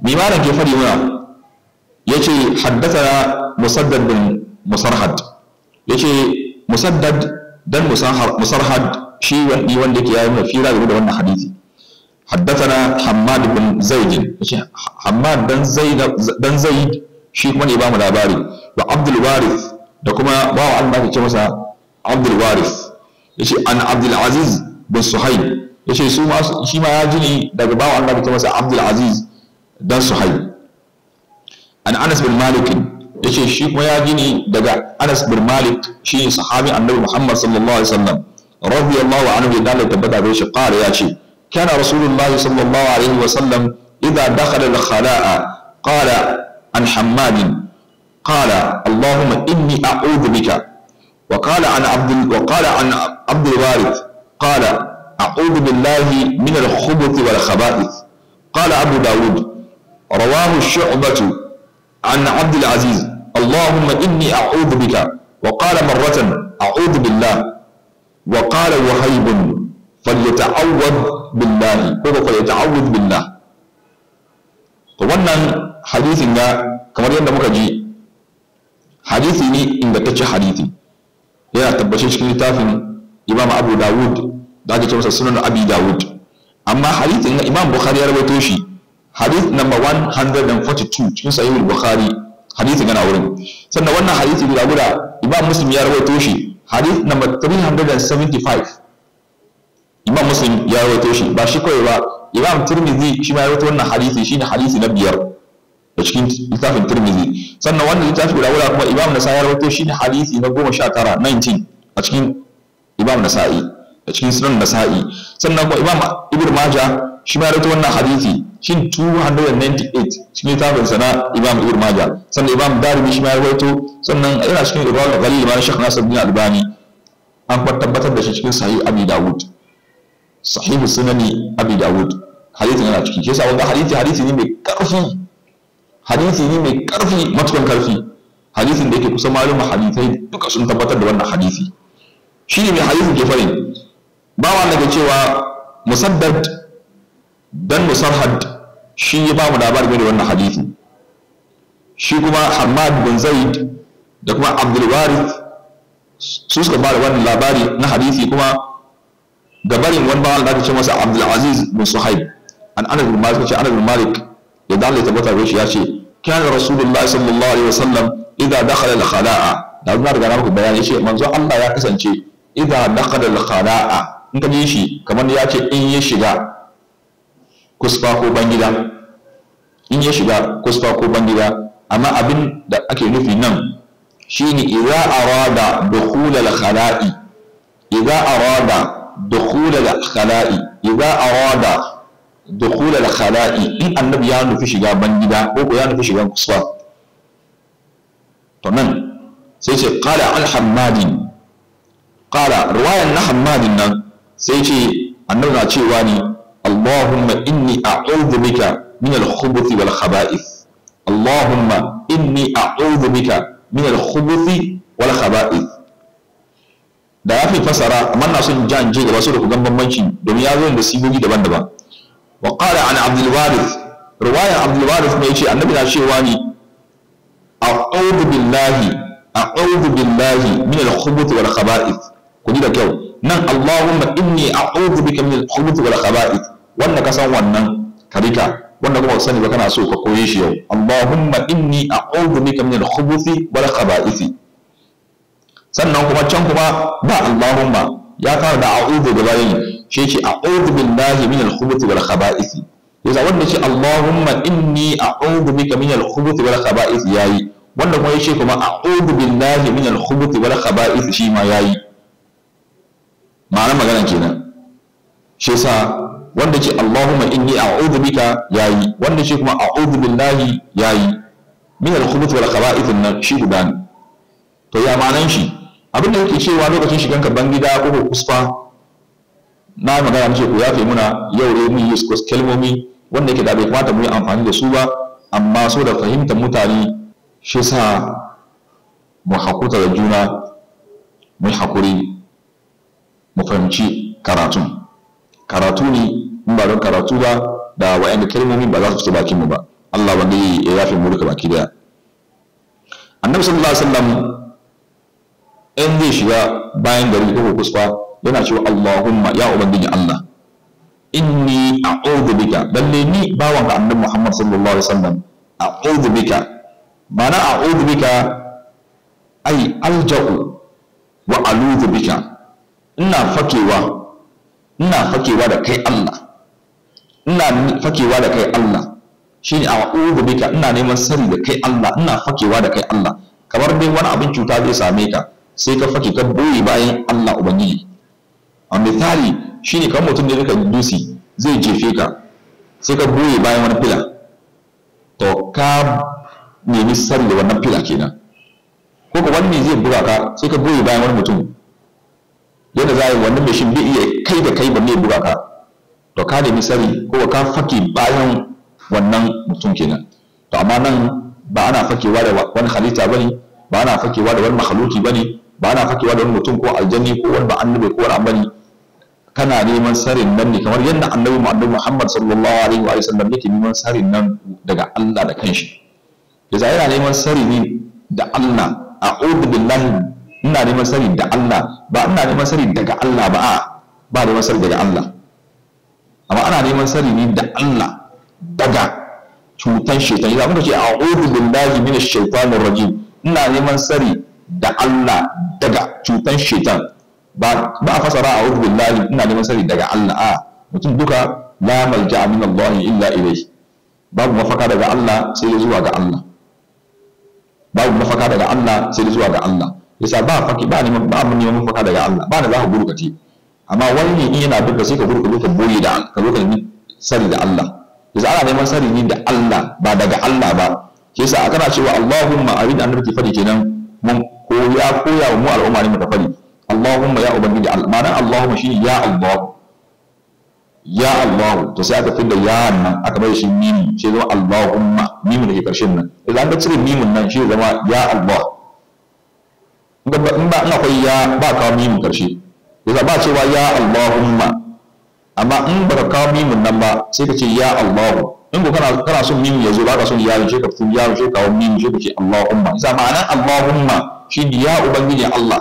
Speaker 1: mimaran ke fadi muna yace haddasa musaddad bin musarhad yace musaddad dan musarhad shi wani wanda yake yayi mafira game da wannan hadisi haddathana hammad bin zaid yace hammad dan zaid dan zaid shi kuma ne ba mu labari wa abdul warith da kuma ba wa Allah ce masa abdul warith yace an abdul aziz bin suhayb yace su ma shi ma ya ji ne daga ba wa Allah ce masa abdul aziz dan suhayb an anas bin malik yace shi kuma ya ji ne daga Anas bin Malik shi sahabi Annabi Muhammad sallallahu alaihi wasallam radiyallahu anhu da Allah tabbata bai shi qala ya ce kana rasulullahi sallallahu alaihi wasallam idza dakhala al-khala'a qala an hammadin qala allahumma inni a'udhu bika wa qala an abdul wa qala an abdul warith qala أعوذ بالله من الخبث والخبائث قال أبو داود رواه الشعبة عن عبد العزيز اللهم inni أعوذ بك وقال مرة أعوذ بالله وقال وهيب فليتعوذ بالله كما billahi billah wannan hadisin ga kamar yadda muka ji hadisi ne ingantaccen hadisi yana tabbace cikin littafin imam abu dawud da ake ce sunan abi dawud amma hadisin imam bukhari ya rabato shi hadith number 142 cikin sa'idu bukhari hadisin yana wurin sannan wannan hadisi guda guda imam muslim ya rawaito shi hadith number 375 imam muslim ya rawaito shi ba shi kawai ba imam tirmidhi shi ma ya rawaito wannan hadisi shine hadisi na biyar da cikin littafin tirmidhi sannan wannan littafin guda guda kuma imam nasa'i ya rawaito shine hadisi na 19 19 a cikin imam nasa'i da cikin sunan nasa'i sannan kuma imam ibnu majah shi ma ya rawaito wannan hadisi shin 298 ta bin sana imam ibn majah sannan imam darimi shi ma ya rawaito sannan yana cikin ibn ghalil ma na shaykh nasir bin albani an tabbatar da shi cikin sahih abi daud sahihu sunani abi daud hadithin yana ciki shi wanda hadithi hadithi ne mai karfi hadithi ne mai karfi matukan karfi hadithin da yake kusa malum hadithai duka sun tabbatar da wannan hadithi shi ne mai hadithin ke farin ba wa daga cewa musaddad dan musarhad shi ya ba mu labari game da wannan hadisi shi kuma Hamad bin Zaid da kuma Abdul Warith su suka ba da wannan labari na hadisi kuma gabarin wani bawan da aka ce masa Abdul Aziz bin Suhaib an Anas bin Malik ce Anas bin Malik ya dalle ta bata shi ya ce kana Rasulullahi sallallahu alaihi wasallam idza dakhala al-khala'a da zuwa daga na muku bayani ya ce manzo Allah ya kasance idza dakhala al-khala'a in ka ji shi kamar ya ce in ya shiga kusfa ko bangida in ya shiga kusfa ko bangida amma abin da ake nufi nan shine idza arada dukhul al khala'i idza arada dukhul al khala'i idza arada dukhul al khala'i in annabi ya nufi shiga bangida ko ko ya nufi shiga kusfa to nan sai ce qala al hammadin qala riwayan na hammadin nan sai ce annabi na cewa ne اللهم إني أعوذ بك من الخبث والخبائث اللهم إني أعوذ بك من الخبث والخبائث da ya fi fasara amma na son jan je gaba saboda ku gan bambanci domin ya zo da sigogi daban-daban wa qala an Abdul Warith riwayar Abdul Warith ne yace annabi na cewa ni a'udhu billahi a'udhu billahi min al-khubuth wal khaba'ith ku ji da kyau nan Allahumma inni a'udhu bika min al-khubuth wal khaba'ith wanda ka san wannan karika wanda kuma sani ba kana so ka koye shi yau Allahumma inni a'udhu bika min al-khubuthi wal khaba'ithi sannan kuma can kuma ba Allahumma ya fara da a'udhu da bayan shi yake a'udhu billahi min al-khubuthi wal khaba'ithi yasa wanda shi Allahumma inni a'udhu bika min al-khubuthi wal khaba'ithi yayi wanda kuma yace kuma a'udhu billahi min al-khubuthi wal khaba'ithi shi ma yayi ma'ana magana kenan shi yasa wanda ce Allahumma inni a'udhu bika yayi wanda ce kuma a'udhu billahi yayi min al khubut wal khaba'ith nan shi guda to ya manan shi abin da yake cewa lokacin shigan ka bangida ko kusfa na magana mace ku yafe muna yau ne mun yi kalmomi wanda yake da bai kamata mu yi amfani da su ba amma so da fahimtar mutane shi sa mu hakuta da juna mu hakuri mu fahimci karatun karatu ne ba don karatu ba da da kalmomi ba za su fito bakin mu ba Allah wani ya yafe mu duka baki daya annabi sallallahu alaihi wasallam in zai shiga bayan gari ko kusfa yana cewa Allahumma ya ubangiji Allah inni a'udhu bika balle ni bawan ka annabi Muhammad sallallahu alaihi wasallam a'udhu bika mana a'udhu bika ai alja'u wa aludhu bika ina fakewa ina fakewa da kai Allah ina fakewa da kai Allah shine a'udhu bika ina neman sani da kai Allah ina fakewa da kai Allah kamar dai wani abin cuta zai same ka sai ka fake ka boye bayan Allah ubangiji a misali shine kamar mutum da ka dusi zai jefe ka sai ka boye bayan wani fila to ka nemi sani da wannan fila kenan ko ka wani zai buga ka sai ka boye bayan wani mutum yadda za a yi wannan mai shi bai iya kai da kai ba mai buga ka to ka nemi sari ko ka faki bayan wannan mutum kenan to amma nan ba ana fakewa da wani halitta bane ba ana fakewa da wani makhluki bane ba ana fakewa da wani mutum ko aljanni ko wani ba annabi ko wani bane kana neman sarin nan ne kamar yadda annabi annabi Muhammad sallallahu alaihi wa sallam yake neman sarin nan daga Allah da kanshi yasa yana neman sarin ne da Allah a'udhu billahi ina neman sarin da Allah ba ina neman sarin daga Allah ba a ba neman sari daga Allah amma ana neman sani ne da Allah daga cutan shaitan idan muka ce a a'udhu billahi minash shaitanir rajim ina neman sani da Allah daga cutan shaitan ba ba fasara a'udhu billahi ina neman sani daga Allah a mutum duka la malja min Allah illa ilayhi babu mafaka daga Allah sai zuwa ga Allah babu mafaka daga Allah sai zuwa ga Allah yasa ba faki ba neman ba mun neman mafaka daga Allah ba da za ku burkati amma wani in yana bin ka sai ka burka ka boye da ka zo ka nemi sani da Allah yasa ana neman sani ne da Allah ba daga Allah ba sa kana cewa Allahumma arid an rubuta fadi kenan mun ko ya koya mu al'umma ne mata fadi Allahumma ya ubangiji ma'ana Allahumma shi ya Allah ya Allah to sai aka fidda ya nan aka bar shi mim sai zama Allahumma mim da ke karshen nan idan ka cire mimin nan shi zama ya Allah in ba in akwai ya ba ka mimin karshe yasa ba cewa ya Allahumma amma in ka kawo mimin nan ba sai ka ce ya Allahu in ko kana kana son mimin ya zo ba ka son ya yi, ka fito ya sai kawo mimin sai ce Allahumma yasa ma'ana Allahumma shi ne ya ubangiji Allah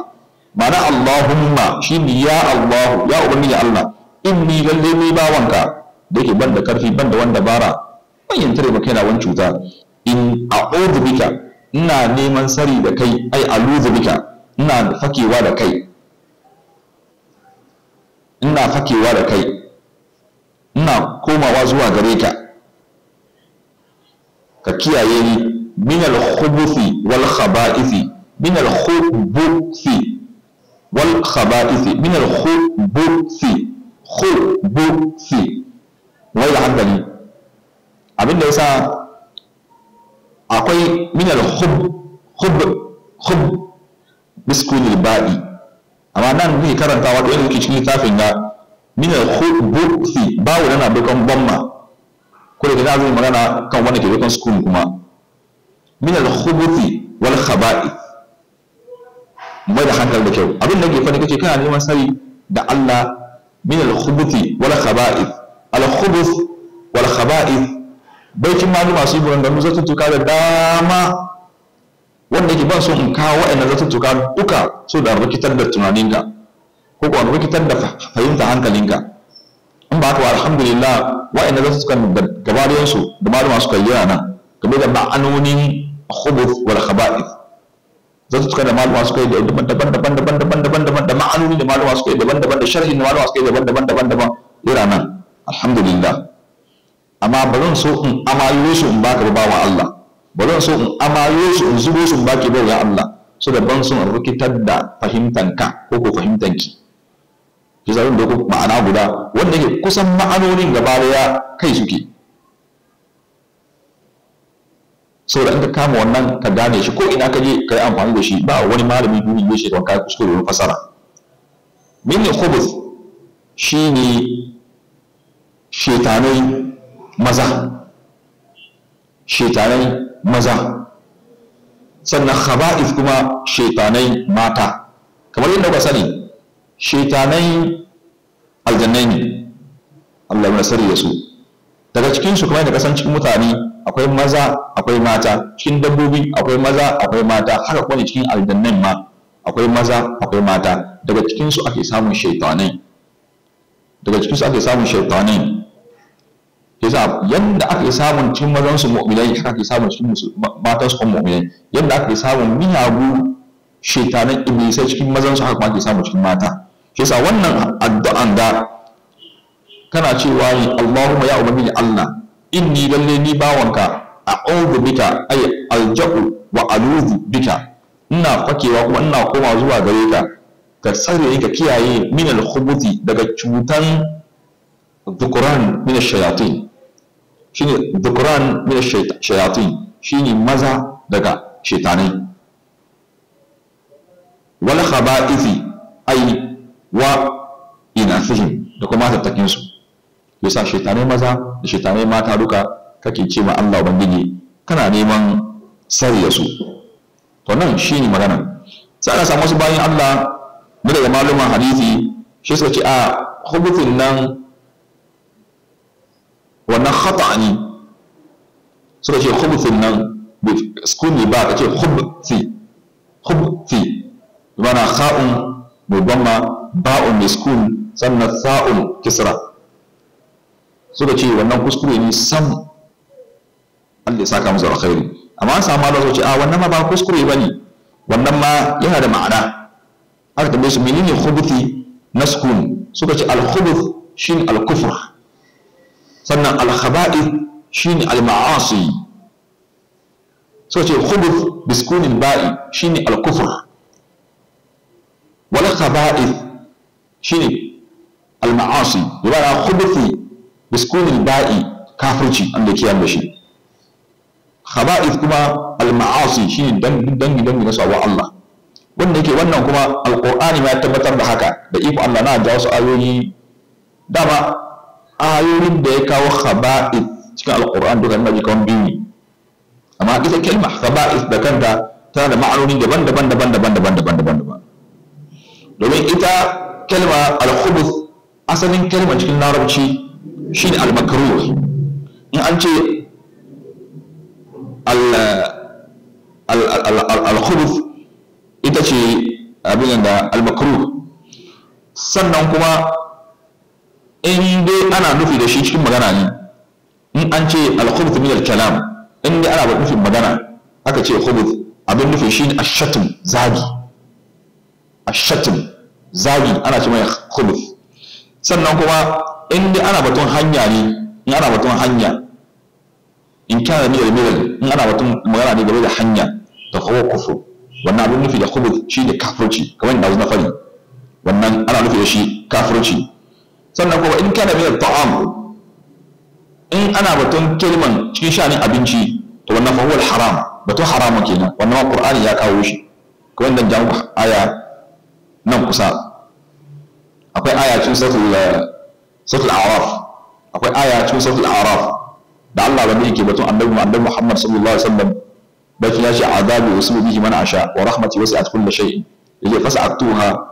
Speaker 1: ma'ana Allahumma shi ne ya Allahu ya ubangiji Allah ni lalle ni bawanka da yake ban da karfi ban da wanda bara ban yantare ba kaina wani cuta in a'udhu bika ina neman sari da kai ai a'udhu bika ina fakewa da kai ina fakewa da kai ina komawa zuwa gare ka ka kiyaye ni min al-khubuthi wal khaba'ithi min al-khubuthi wal khaba'ithi min al-khubuthi khubuthi wai da hankali abinda yasa akwai min al-khub khub khub biskun bai amma nan muke karantawa da wani muke cikin littafin da mina al ba bawo na dokan bamma ko da kaza zai magana kan wanda ke dokan school kuma min al wal khaba'i mai da hankali da kyau abin da ke fadi kace kana neman sai da Allah min al wal khaba'i al-khubuth wal khaba'ith baikin maluma masu ibn da mu zata tuka da dama wanda yake ba so in kawo zata tuka duka so da rikitar da tunaninka ko kuma rikitar da fahimta hankalinka in ba ka alhamdulillah waɗannan zata tuka gabarin su da malama suka yi na game da ma'anonin khubuth wal khaba'ith tuka da malama kai da daban daban daban daban daban daban daban da ma'anoni da malama su kai daban daban da sharhi da malama su kai daban daban daban daban yana nan alhamdulillah amma ba zan so in amayo su in baka ba wa Allah ba zan so in amaro su in zubo su in baki bai ga Allah so da ban son rikitar da fahimtanka ko ko fahimtanki ki zarin da ma'ana guda wanda yake kusan ma'anonin gaba daya kai suke so in ka kama wannan ka gane shi ko ina ka je ka yi amfani da shi ba wani malami duniya ya shekwan ka kusa da fasara minne shi ne shetanai maza shetanai maza sannan khaba'if kuma shaitanai mata kamar yadda kuka sani shaitanai aljannai ne Allah ya sani da su daga cikin su kuma da kasan cikin mutane akwai maza akwai mata cikin dabbobi akwai maza akwai mata haka kuma cikin aljannai ma akwai maza akwai mata daga cikin su ake samun shaitanai daga cikin su ake samun shaitanai yasa yadda aka samun cin mazan su mu'minai haka ake samun cin matan su mu'minai yadda aka yi samun miyagu shaitanan iblisai cikin mazan su haka ake samun cikin mata wannan addu'an da kana cewa ni Allahumma ya ubangiji Allah inni lalle ni bawanka a'udhu bika ay alja'u wa aluzu bika ina fakewa kuma ina koma zuwa gare ka ka tsare ni ka kiyaye min al daga cutan dukuran min shayatin shine dhukran min shayatin shine maza daga shaitanai wal khaba'ithi ai wa ina fihim da kuma tattakin su yasa shaitanai maza da shaitanai mata duka kake ce ma Allah ubangiji kana neman sariya su to nan shine magana sai ana samu su bayan Allah da daga malumin hadisi shi suka ce a hubutun nan wannan khata ne suka ce khubuthin nan sukuni ba ka ce khubthi khubthi mana kha'un mai ba'un mai sukun sannan sa'un kisra suka ce wannan kuskure ne sam Allah ya saka musu alkhairi amma an samu Allah ce a wannan ma ba kuskure ba ne wannan ma yana da ma'ana aka tambaye su menene khubuthi na sukun suka ce al-khubuth shine sannan alhaba'i shine al so ce khubuth biskunin ba'i shine al-kufr wal khaba'ith shine al ba yabara khubuthi biskunin ba'i kafirci an da kiyar da shi khaba'ith kuma al shine dangi dangi na sabon Allah wanda yake wannan kuma alqur'ani ma ya tabbatar da haka da iko Allah na jawo su ayoyi dama ayoyin da ya kawo khaba'is cikin alquran duka ina jikon kawon biyu amma ita kalma khaba'is da kanta tana da ma'anoni daban-daban daban-daban daban-daban daban-daban domin ita kalma al-khubuth asalin kalma cikin larabci shine al-makruh in an ce al-khubuth ita ce abin da al-makruh sannan kuma in dai ana nufi da shi cikin magana ne in an ce al min al-kalam in dai ana nufin magana aka ce khubth abin nufi shine ash-shatm zagi ash-shatm zagi ana ce mai khubth sannan kuma in dai ana batun hanya ne in ana batun hanya in kana ne da mai in ana batun magana ne game da hanya da huwa kufu wannan abin nufi da khubth shine kafirci kamar da na fari wannan ana nufi da shi kafirci sannan kuma in kana min ta'am in ana batun kalman cikin sha'anin abinci to wannan fa huwa haram batun haramu kenan wannan ma qur'ani ya kawo shi ko wannan jamu aya nan kusa akwai aya cikin suratul suratul a'raf akwai aya cikin suratul a'raf da Allah bane yake batun annabi annabi Muhammad sallallahu alaihi wasallam baki ya ce azabi usbu bihi man asha wa rahmati wasi'at kulli shay'in yace fasa'tuha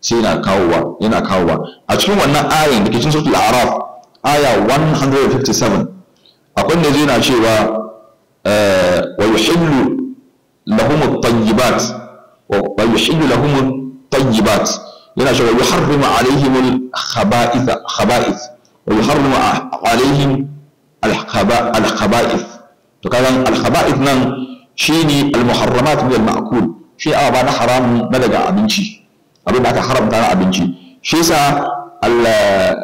Speaker 1: sai yana kawowa yana kawowa a cikin wannan ayan da ke cikin suratul araf aya 157 akwai da zai na cewa wa yuhillu lahum at-tayyibat wa yuhillu lahum at-tayyibat yana cewa yuharrimu alaihim al-khaba'ith khaba'ith wa yuharrimu alaihim al-khaba'ith to kaga al-khaba'ith nan shine al-muharramat min al-ma'kul shi a ba na haram na daga abinci abin da aka haramta na abinci shi yasa Allah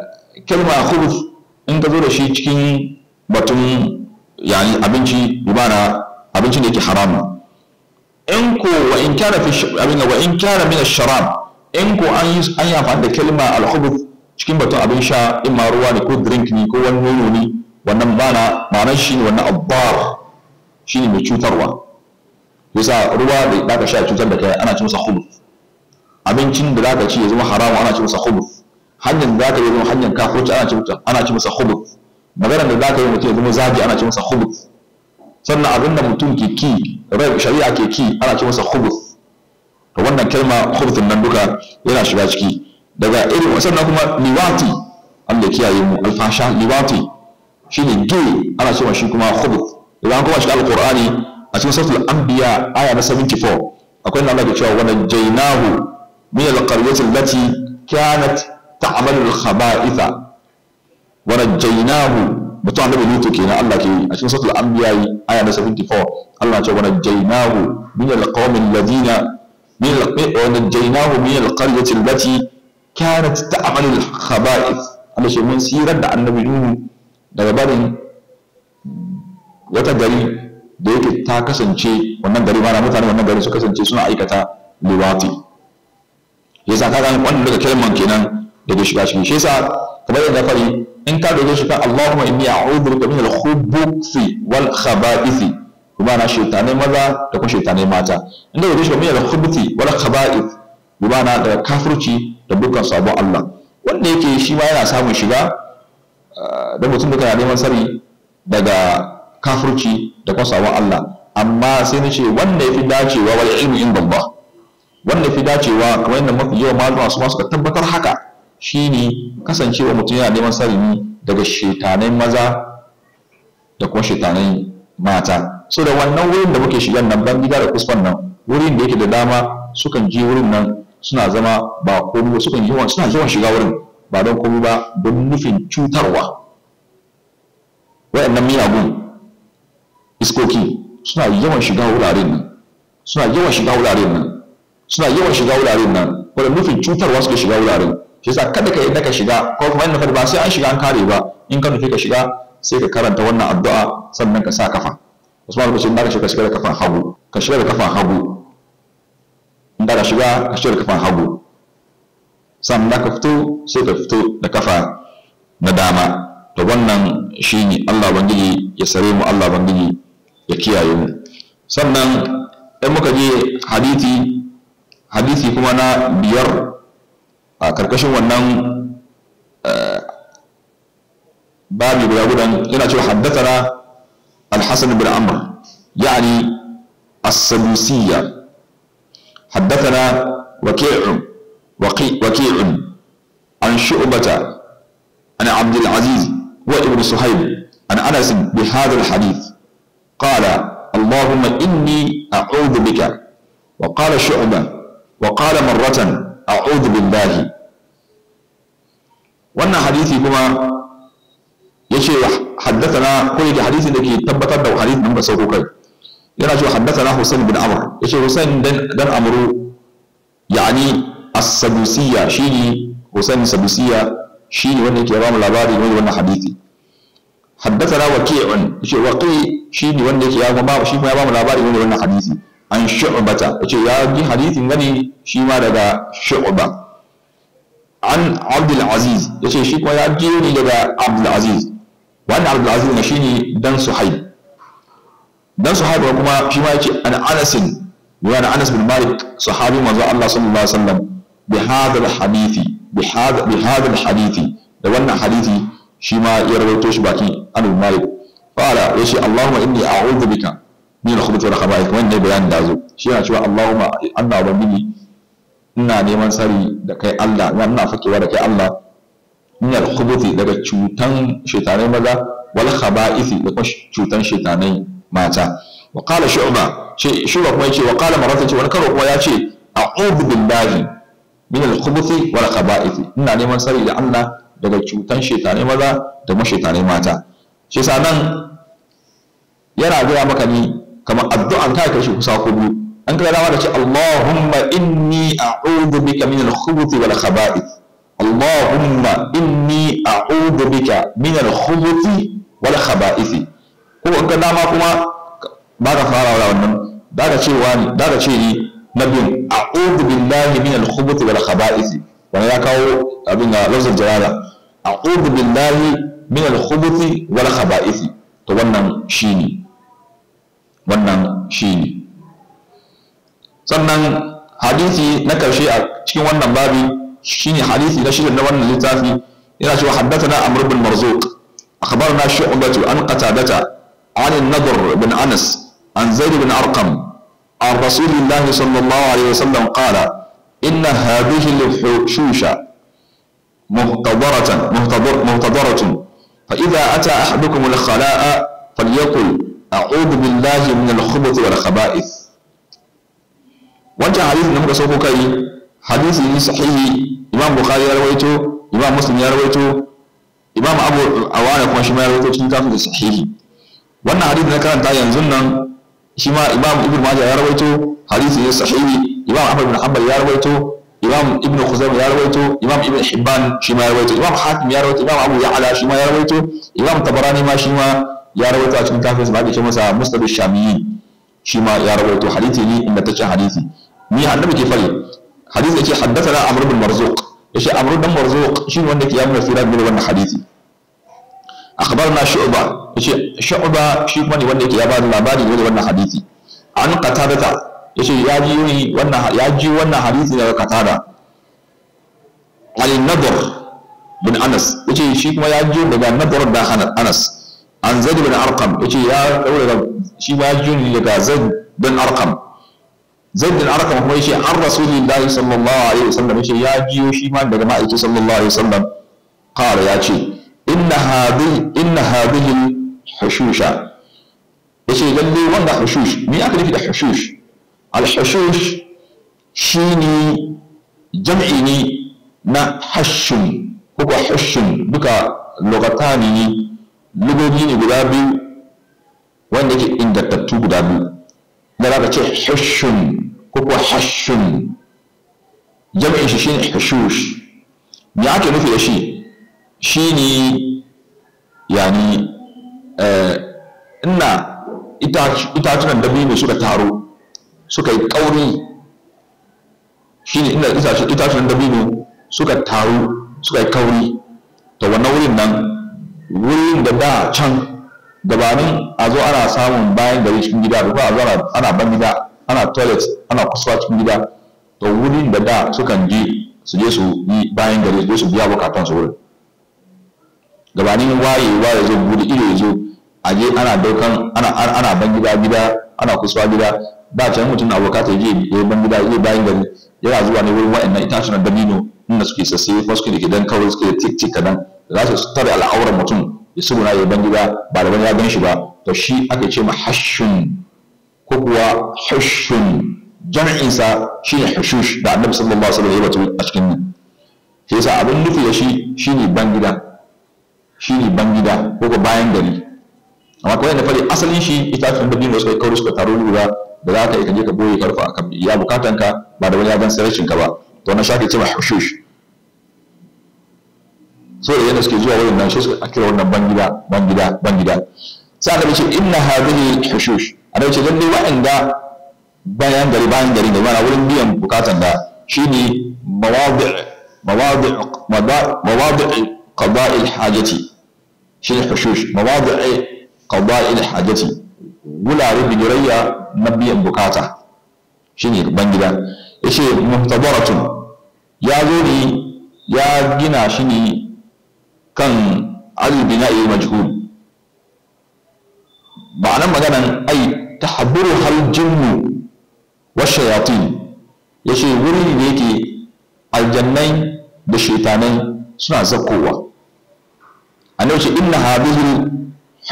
Speaker 1: kalma khubus in ka zo da shi cikin batun yani abinci ibara abincin da yake haramu in ko wa in kana fi abin wa in kana min ash-sharab in ko an yi an yi amfani da kalma al-khubus cikin batun abin sha in ma ruwa ne ko drink ne ko wani nono ne wannan bana ma'anar shi ne wannan abbar shi ne mai cutarwa yasa ruwa da ka sha cutar da kai ana ce masa khubus abincin da zaka ci ya zama haramu ana ci masa khubuz hanyar da zaka yi zama hanyar kafirci ana ci masa ana ci masa khubuz magana da zaka yi mutum ya zama zagi ana ci masa khubuz sannan abin da mutum ke ki rai shari'a ke ki ana ci masa khubuz to wannan kalma khubuz nan duka yana shiga ciki daga irin sannan kuma liwati Allah kiyaye mu alfasha liwati shine ge ana cewa shi kuma khubuz idan kuma shi alqur'ani a cikin suratul anbiya aya na 74 akwai nan da cewa wannan jainahu من القرية التي كانت تعمل الخبائث ونجيناه بتوعنا بلوتكينا الله كي عشان صوت الأنبياء آية 74 الله تعالى ونجيناه من القوم الذين من ونجيناه من القرية التي كانت تعمل الخبائث أنا شو من سيرة ده أنا بيقول ده بعدين وقت داري ده كتاكسنشي وانا داري وانا متاني وانا داري سكسنشي سنا أي لواتي yasa ka gane wannan daga kalman kenan daga shiga cikin shi yasa kamar yadda fari in ka dogo shi kan Allahumma inni a'udhu bika min al-khubuthi wal khaba'ithi kuma na shaytanai maza da kuma shaytanai mata in da dogo shi min al-khubuthi wal khaba'ith kuma na da kafirci da dukkan sabon Allah wanda yake shi ma yana samun shiga ah, da mutum duka neman sari daga kafirci da kuma sabon Allah amma sai na ce wanda ya fi dacewa wal ilmi inda Allah wanda fi dacewa kamar yadda mafi yawan malama su masu tabbatar haka shine kasancewa mutum yana neman sarimi daga shetanai maza da kuma shetanai mata so da wannan wurin da muke shigan nan ban gida da kusfan nan wurin da yake da dama sukan je wurin nan suna zama ba komai ba sukan yawan suna yawan shiga wurin ba don komai ba don nufin cutarwa wa'annan miyagun iskoki suna yawan shiga wuraren nan suna yawan shiga wuraren nan suna yawan shiga wuraren nan wanda nufin cutarwa suke shiga wuraren shi yasa kada ka yadda ka shiga ko kuma inda ba sai an shiga an kare ba in ka nufi ka shiga sai ka karanta wannan addu'a sannan ka sa kafa Usman bin da ka shiga da kafan hagu ka shiga da kafan hagu da ka shiga ka shiga da kafan hagu sannan ka fito sai ka fito da kafa na dama to wannan shi ne Allah bangiji ya sare mu Allah bangiji ya kiyaye mu sannan in muka je hadithi hadisi kuma na biyar a karkashin wannan babi guda gudan yana cewa haddathana al-hasan bin amr yani as-sadusiyya haddathana waqi'u waqi'u an shu'bata an abd aziz wa ibn suhayb an anas bi hadha al-hadith qala allahumma inni a'udhu bika وقال شعبه wa qala marratan a'udhu billahi wannan hadisi kuma yace haddathana ko yake hadisin da ke tabbatar da hadisin nan ba sai kai yana cewa haddathana Husain bin Amr yace Husain dan dan Amru yani as-Sadusiyya shine Husain Sadusiyya shine wanda yake ba mu labari game da wannan hadisi haddathana Waqi'un yace Waqi shine wanda ya ba shi kuma ya labari game da wannan hadisi an shu'bata yace ya ji hadithin gani shi ma daga shu'ba an abdul aziz yace shi kuma ya ji ne daga abdul aziz wannan abdul aziz ne shine dan suhaib dan suhaib kuma shi ma yace an anas wa anas bin malik sahabi manzo Allah sallallahu alaihi wasallam bi hadha al hadithi bi hadha bi hadha hadithi da wannan hadithi shi ma ya rawaito shi baki an malik qala yace allahumma inni a'udhu bika min al-khubuth wal khaba'ith wannan bayan da zo shi yana cewa Allahumma Allah ubangiji ina neman tsari da kai Allah ina fakewa da kai Allah min al daga cutan shaitanai maza wal khaba'ith da kuma cutan shaitanai mata wa kala shu'ba shi shu'ba kuma yace wa kala marata ce wani karo kuma yace a'udhu billahi min al-khubuth wal khaba'ith ina neman tsari da Allah daga cutan shaitanai maza da kuma shaytanai mata shi sanan yana gaya maka ni kamar addu'an ta kai shi kusa kudu an kira dama da ce Allahumma inni a'udhu bika min al-khubuth wal khaba'ith Allahumma inni a'udhu bika min al-khubuth wal khaba'ith ko an kira dama kuma ba ka fara wa wannan da ka ce wani da ka ce ni nabin a'udhu billahi min al-khubuth wal khaba'ith wannan ya kawo abin da lafzul jalala a'udhu billahi min al-khubuth wal khaba'ith to wannan shine wannan shi ne sannan hadisi na karshe a cikin wannan babi shine hadisi na shirin na wannan littafi yana cewa haddathana amr bin marzuq akhbarna shu'bah an qatadata an an-nadr bin anas an zayd bin arqam عن رسول الله صلى الله عليه وسلم قال إن هذه الحشوش مهتضرة مهتضرة فإذا أتى أحدكم الخلاء فليقل a'udhu billahi min al wal khaba'ith wancan hadisi da muka so kuka yi hadisi ne sahihi imam bukhari ya rawaito imam muslim ya rawaito imam abu awana kuma shi ma ya rawaito cikin kafin da sahihi wannan hadisi na karanta yanzu nan shi ma imam ibn majah ya rawaito hadisi ne sahihi imam ahmad bin hanbal ya rawaito imam ibn khuzaimah ya rawaito imam ibn hibban shi ma ya rawaito imam hakim ya rawaito imam abu ya'la shi ma ya rawaito imam tabarani ma shi ma ya rawaito a cikin kafin ba ake masa mustadu shamiyi shi ma ya rawaito hadisi ne inda ta ce hadisi ni annabi ke fari hadisi yake haddathana amr bin marzuq yace amr bin marzuq shi wanda ke yamma sura bin wannan hadisi akhbarna shu'ba yace shu'ba shi kuma ne wanda yake ya da labari ne wannan hadisi an qatadata yace ya ji wannan ya ji wannan hadisi daga qatada Ali Nadr bin Anas yace shi kuma ya ji daga Nadr da Anas an zaid bin arqam yace ya daura shi ma juni daga zaid bin arqam zaid bin arqam kuma yace an rasulillahi sallallahu alaihi wasallam yace ya jiyo shi ma daga ma'aiki sallallahu alaihi wasallam qala yace inna hadhihi inna hadhihi hushusha yace lalle wanda hushush me aka nufi da hushush al hushush shine jam'i ne na hashun ko hashun duka lugatani ne lugogi ne guda biyu wanda yake ingantattu guda biyu da za ka ce hashun ko kuwa hashun jam'in shi shine hashush me ake nufi da shi Shi shine yani eh, ina itatunan ne suka taro suka yi kauri ne ina itatunan ne suka taru suka yi kauri da wannan wurin nan wurin da da can gabanin a zo ana samun bayan gari cikin gida da kuma a zo ana ban gida ana toilet ana kusurwa cikin gida to wurin da da sukan je su je su yi bayan gari su je su biya bukatan su wurin gabanin waye ya zo buɗe ido ya zo a je ana daukan ana ana ban gida gida ana kusurwa gida da can mutum na bukata ya je ya ban gida ya bayan gari yana zuwa ne wurin wa'annan itatunan dabino inda suke sassai kuma da ke dan kawai suke da tik kadan za su tare al'auran mutum ya subuna ya ban gida ba da ban ya gan shi ba to shi aka ce ma hashun ko kuwa hashun shi ne hashush da annabi sallallahu alaihi wasallam ya bata a cikin nan shi yasa abin nufi da shi ne ban gida ne ban gida ko ko bayan gari amma kawai da fari asalin shi ita tun da wasu kai kauri suka taro lura da za ka yi ka je ka boye karfa kan iya bukatanka ba da wani ya gan sarrafin ka ba to na shafi ce ma hashush so da suke zuwa wurin nan shi suka kira wannan bangida bangida bangida sai aka ce inna hadhihi hushush ana ce lalle wa'anda bayan gari bayan gari da mana wurin biyan bukatan da shine mawadi' mawadi' mawadi' qada'il hajati shine hushush mawadi' qada'il hajati wulare bijirayya na biyan bukata shine bangida yace muhtabaratun ya zo ne ya gina shi ne kan al-bina'i majhul ma'anar maganan ai ta haburu har washe wa yatim, ya ce wuri da yake aljannai da shaitanai suna zakkowa annabi ce inna hadhihi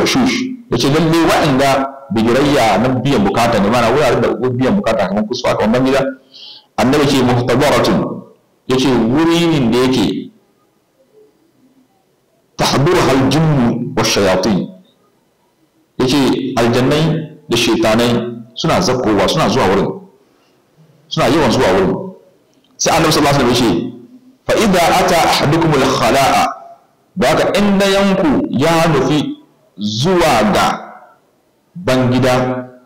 Speaker 1: hushush yace lalle wa'anda bigirayya na biyan bukata ne mana wuraren da biyan bukata kamar kusa kamar gida annabi ce muhtabaratun yace wuri ne da yake tahduruha al-jinnu wash yace aljannai da shaitanai suna zakkowa suna zuwa wurin suna yawan zuwa wurin sai annabi sallallahu alaihi wasallam yace fa idza ata ahadukum al-khala'a da haka in yanku ya nufi zuwa ga bangida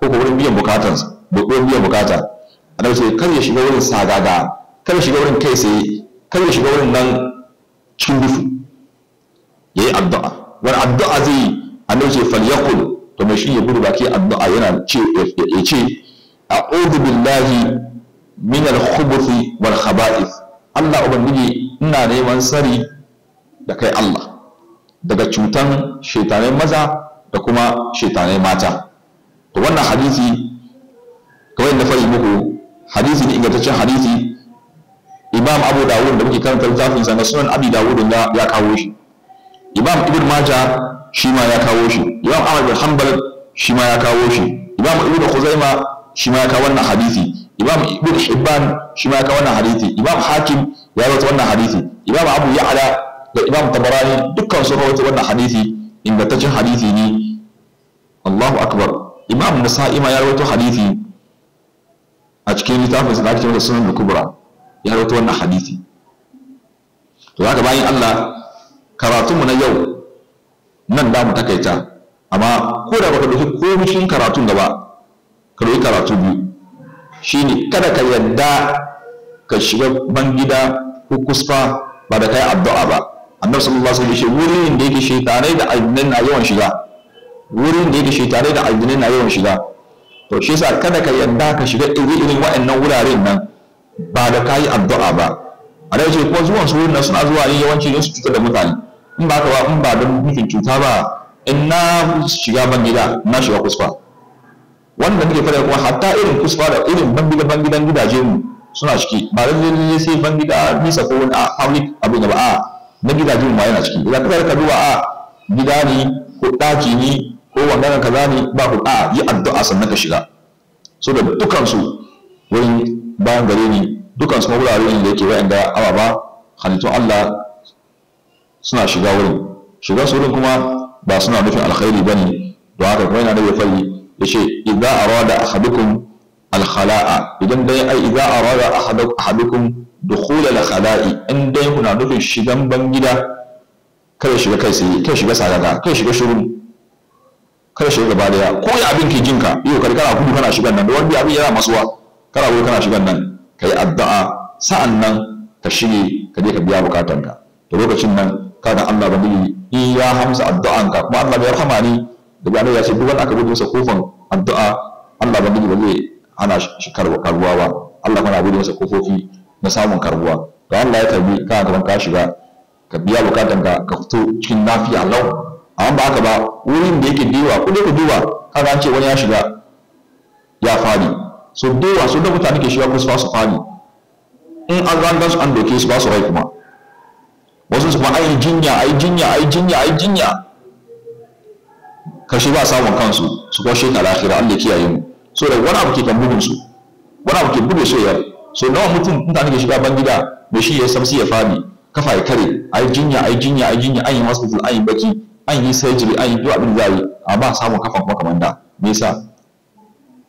Speaker 1: ko ko wurin biyan wurin biyan bukata annabi sai ya shiga wurin sagaga kar ya shiga wurin kai sai kar ya shiga wurin nan cikin ya yi addu'a wani addu'a zai yi a ce falyakul to mai shi ya gudu baki addu'a yana ce ya ce a'udhu billahi min al-khubuthi wal khaba'ith Allah ubangiji ina neman sari da kai Allah daga cutan shetanai maza da kuma shetanai mata to wannan hadisi kawai na fari muku hadisi ne ingantaccen hadisi imam abu dawud da muke karanta zafin sa sunan abi dawud ya kawo shi imam ibn maja shi ma ya kawo shi imam ahmad bin hanbal shi ma ya kawo shi imam ibn khuzaima shi ma ya kawo wannan hadisi imam ibn hibban shi ma ya kawo wannan hadisi imam hakim ya rawaita wannan hadisi imam abu ya'la da imam tabarani dukkan su rawaita wannan hadisi ingantaccen hadisi ne Allahu akbar imam nasa'i ma ya rawaito hadisi a cikin littafin sa da ake cewa sunan kubra ya rawaito wannan hadisi to haka bayan Allah karatunmu na yau nan da mu takaita amma ko da baka dauki komai cikin karatun gaba ka dauki karatu biyu shine kada ka yadda ka shiga bangida ko kusfa ba da kai addu'a ba annabi sallallahu alaihi wasallam wurin da yake shaytanai da aljinnai na yawan shiga wurin da yake shaytanai da aljinnai na yawan shiga to shi yasa kada ka yadda ka shiga iri irin waɗannan wuraren nan ba da kai addu'a ba a da ce kuma zuwan su wurin nan suna zuwa ne yawanci don su cutar da mutane in ba ka ba in ba don nufin cuta ba in na shiga ban gida na shiga kusfa wanda nake fara kuma hatta irin kusfa da irin ban gida ban gidan gidaje mu suna ciki ba da ne sai ban gida bisa ko wani public abu da ba a na gidaje mu ma yana ciki idan ka ka duba a gida ne ko daki ne ko wannan kaza ne ba ku a yi addu'a sannan ka shiga so da dukan su wurin bayan gare ni dukan su wurare ne da yake wa'anda ababa halittun Allah suna shiga wurin shiga su wurin kuma ba suna nufin alkhairi bane don haka kuma yana ya fari yace idza arada ahadukum alkhala'a idan dai ai idza arada ahadukum dukhul alkhala'i in dai kuna nufin shigan ban gida kai shiga kai sai kai shiga sagaga kai shiga shuru kada shiga gaba daya ko ya abin ki jinka iyo kar kana kudu kana shigan nan da wani abin yana masuwa kana kudu kana shigan nan kai addu'a sa'annan ka shige ka je ka biya bukatanka to lokacin nan kada Allah ba zai in ya hamsa Addu'anka ka kuma Allah bai rahama ni da bayan ya ce duk wanda aka gudu masa kofan addu'a Allah ba zai hana shi karbuwa ba Allah kuma na gudu masa kofofi na samun karbuwa to Allah ya tabi kana gaban ka shiga ka biya bukatan ka ka fito cikin lafiya lau amma ba haka ba wurin da yake diwa ku dai ku duba ga an ce wani ya shiga ya fadi so diwa so da mutane ke shiga kuma su fadi in an ranga su an doke su ba su rai kuma wasu su ai jinya ai jinya ai jinya ai jinya kashi ba samun kansu su kwashe ka an Allah kiyaye mu so da wani abu ke kan bugun su wani abu ke bude so ya so nawa mutum ta ke shiga ban gida da shi ya samsi ya fadi kafa ya kare ai jinya ai jinya ai jinya an yi hospital an yi baki an yi surgery an yi duk abin da yi amma samun kafan kuma kamar da me yasa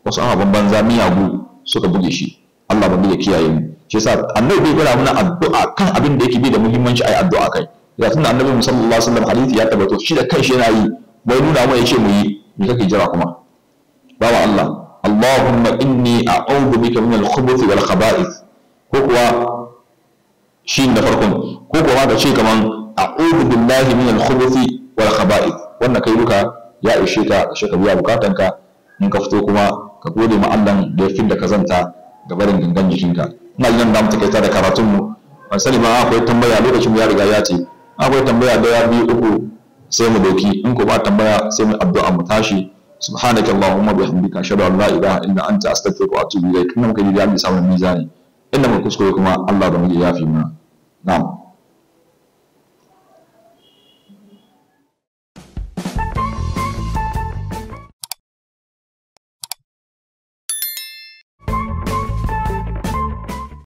Speaker 1: wasu ababen banza miyagu suka buge shi Allah ba ya kiyaye mu shi yasa annabi bai gwada mana addu'a kan abin da yake bi da muhimmanci ayi addu'a kai ya tunda annabi musamman Allah sallallahu alaihi hadisi ya tabbato shi da kanshi yana yi bai nuna mu yace mu yi me kake jira kuma bawa Allah Allahumma inni a'udhu bika min al-khubuthi wal khaba'ith ko kuwa shi da farkon ko kuwa ma ce kaman a'udhu billahi min al-khubuthi wal khaba'ith wannan kai duka ya ishe ka shi ka biya bukatanka in ka fito kuma ka gode ma Allah da ya ka zanta ga barin gangan jikinka ina da muke takaita da karatun mu ban sani ba akwai tambaya lokacin ya riga ya ce akwai tambaya daya biyu uku sai mu doki in ko ba tambaya sai mu addu'a mu tashi subhanaka allahumma bihamdika ashhadu an la ilaha illa anta astaghfiruka wa atubu ilaik kuma kaji da mu samu mizani inda mu kuskure kuma Allah da mu yafi mana na'am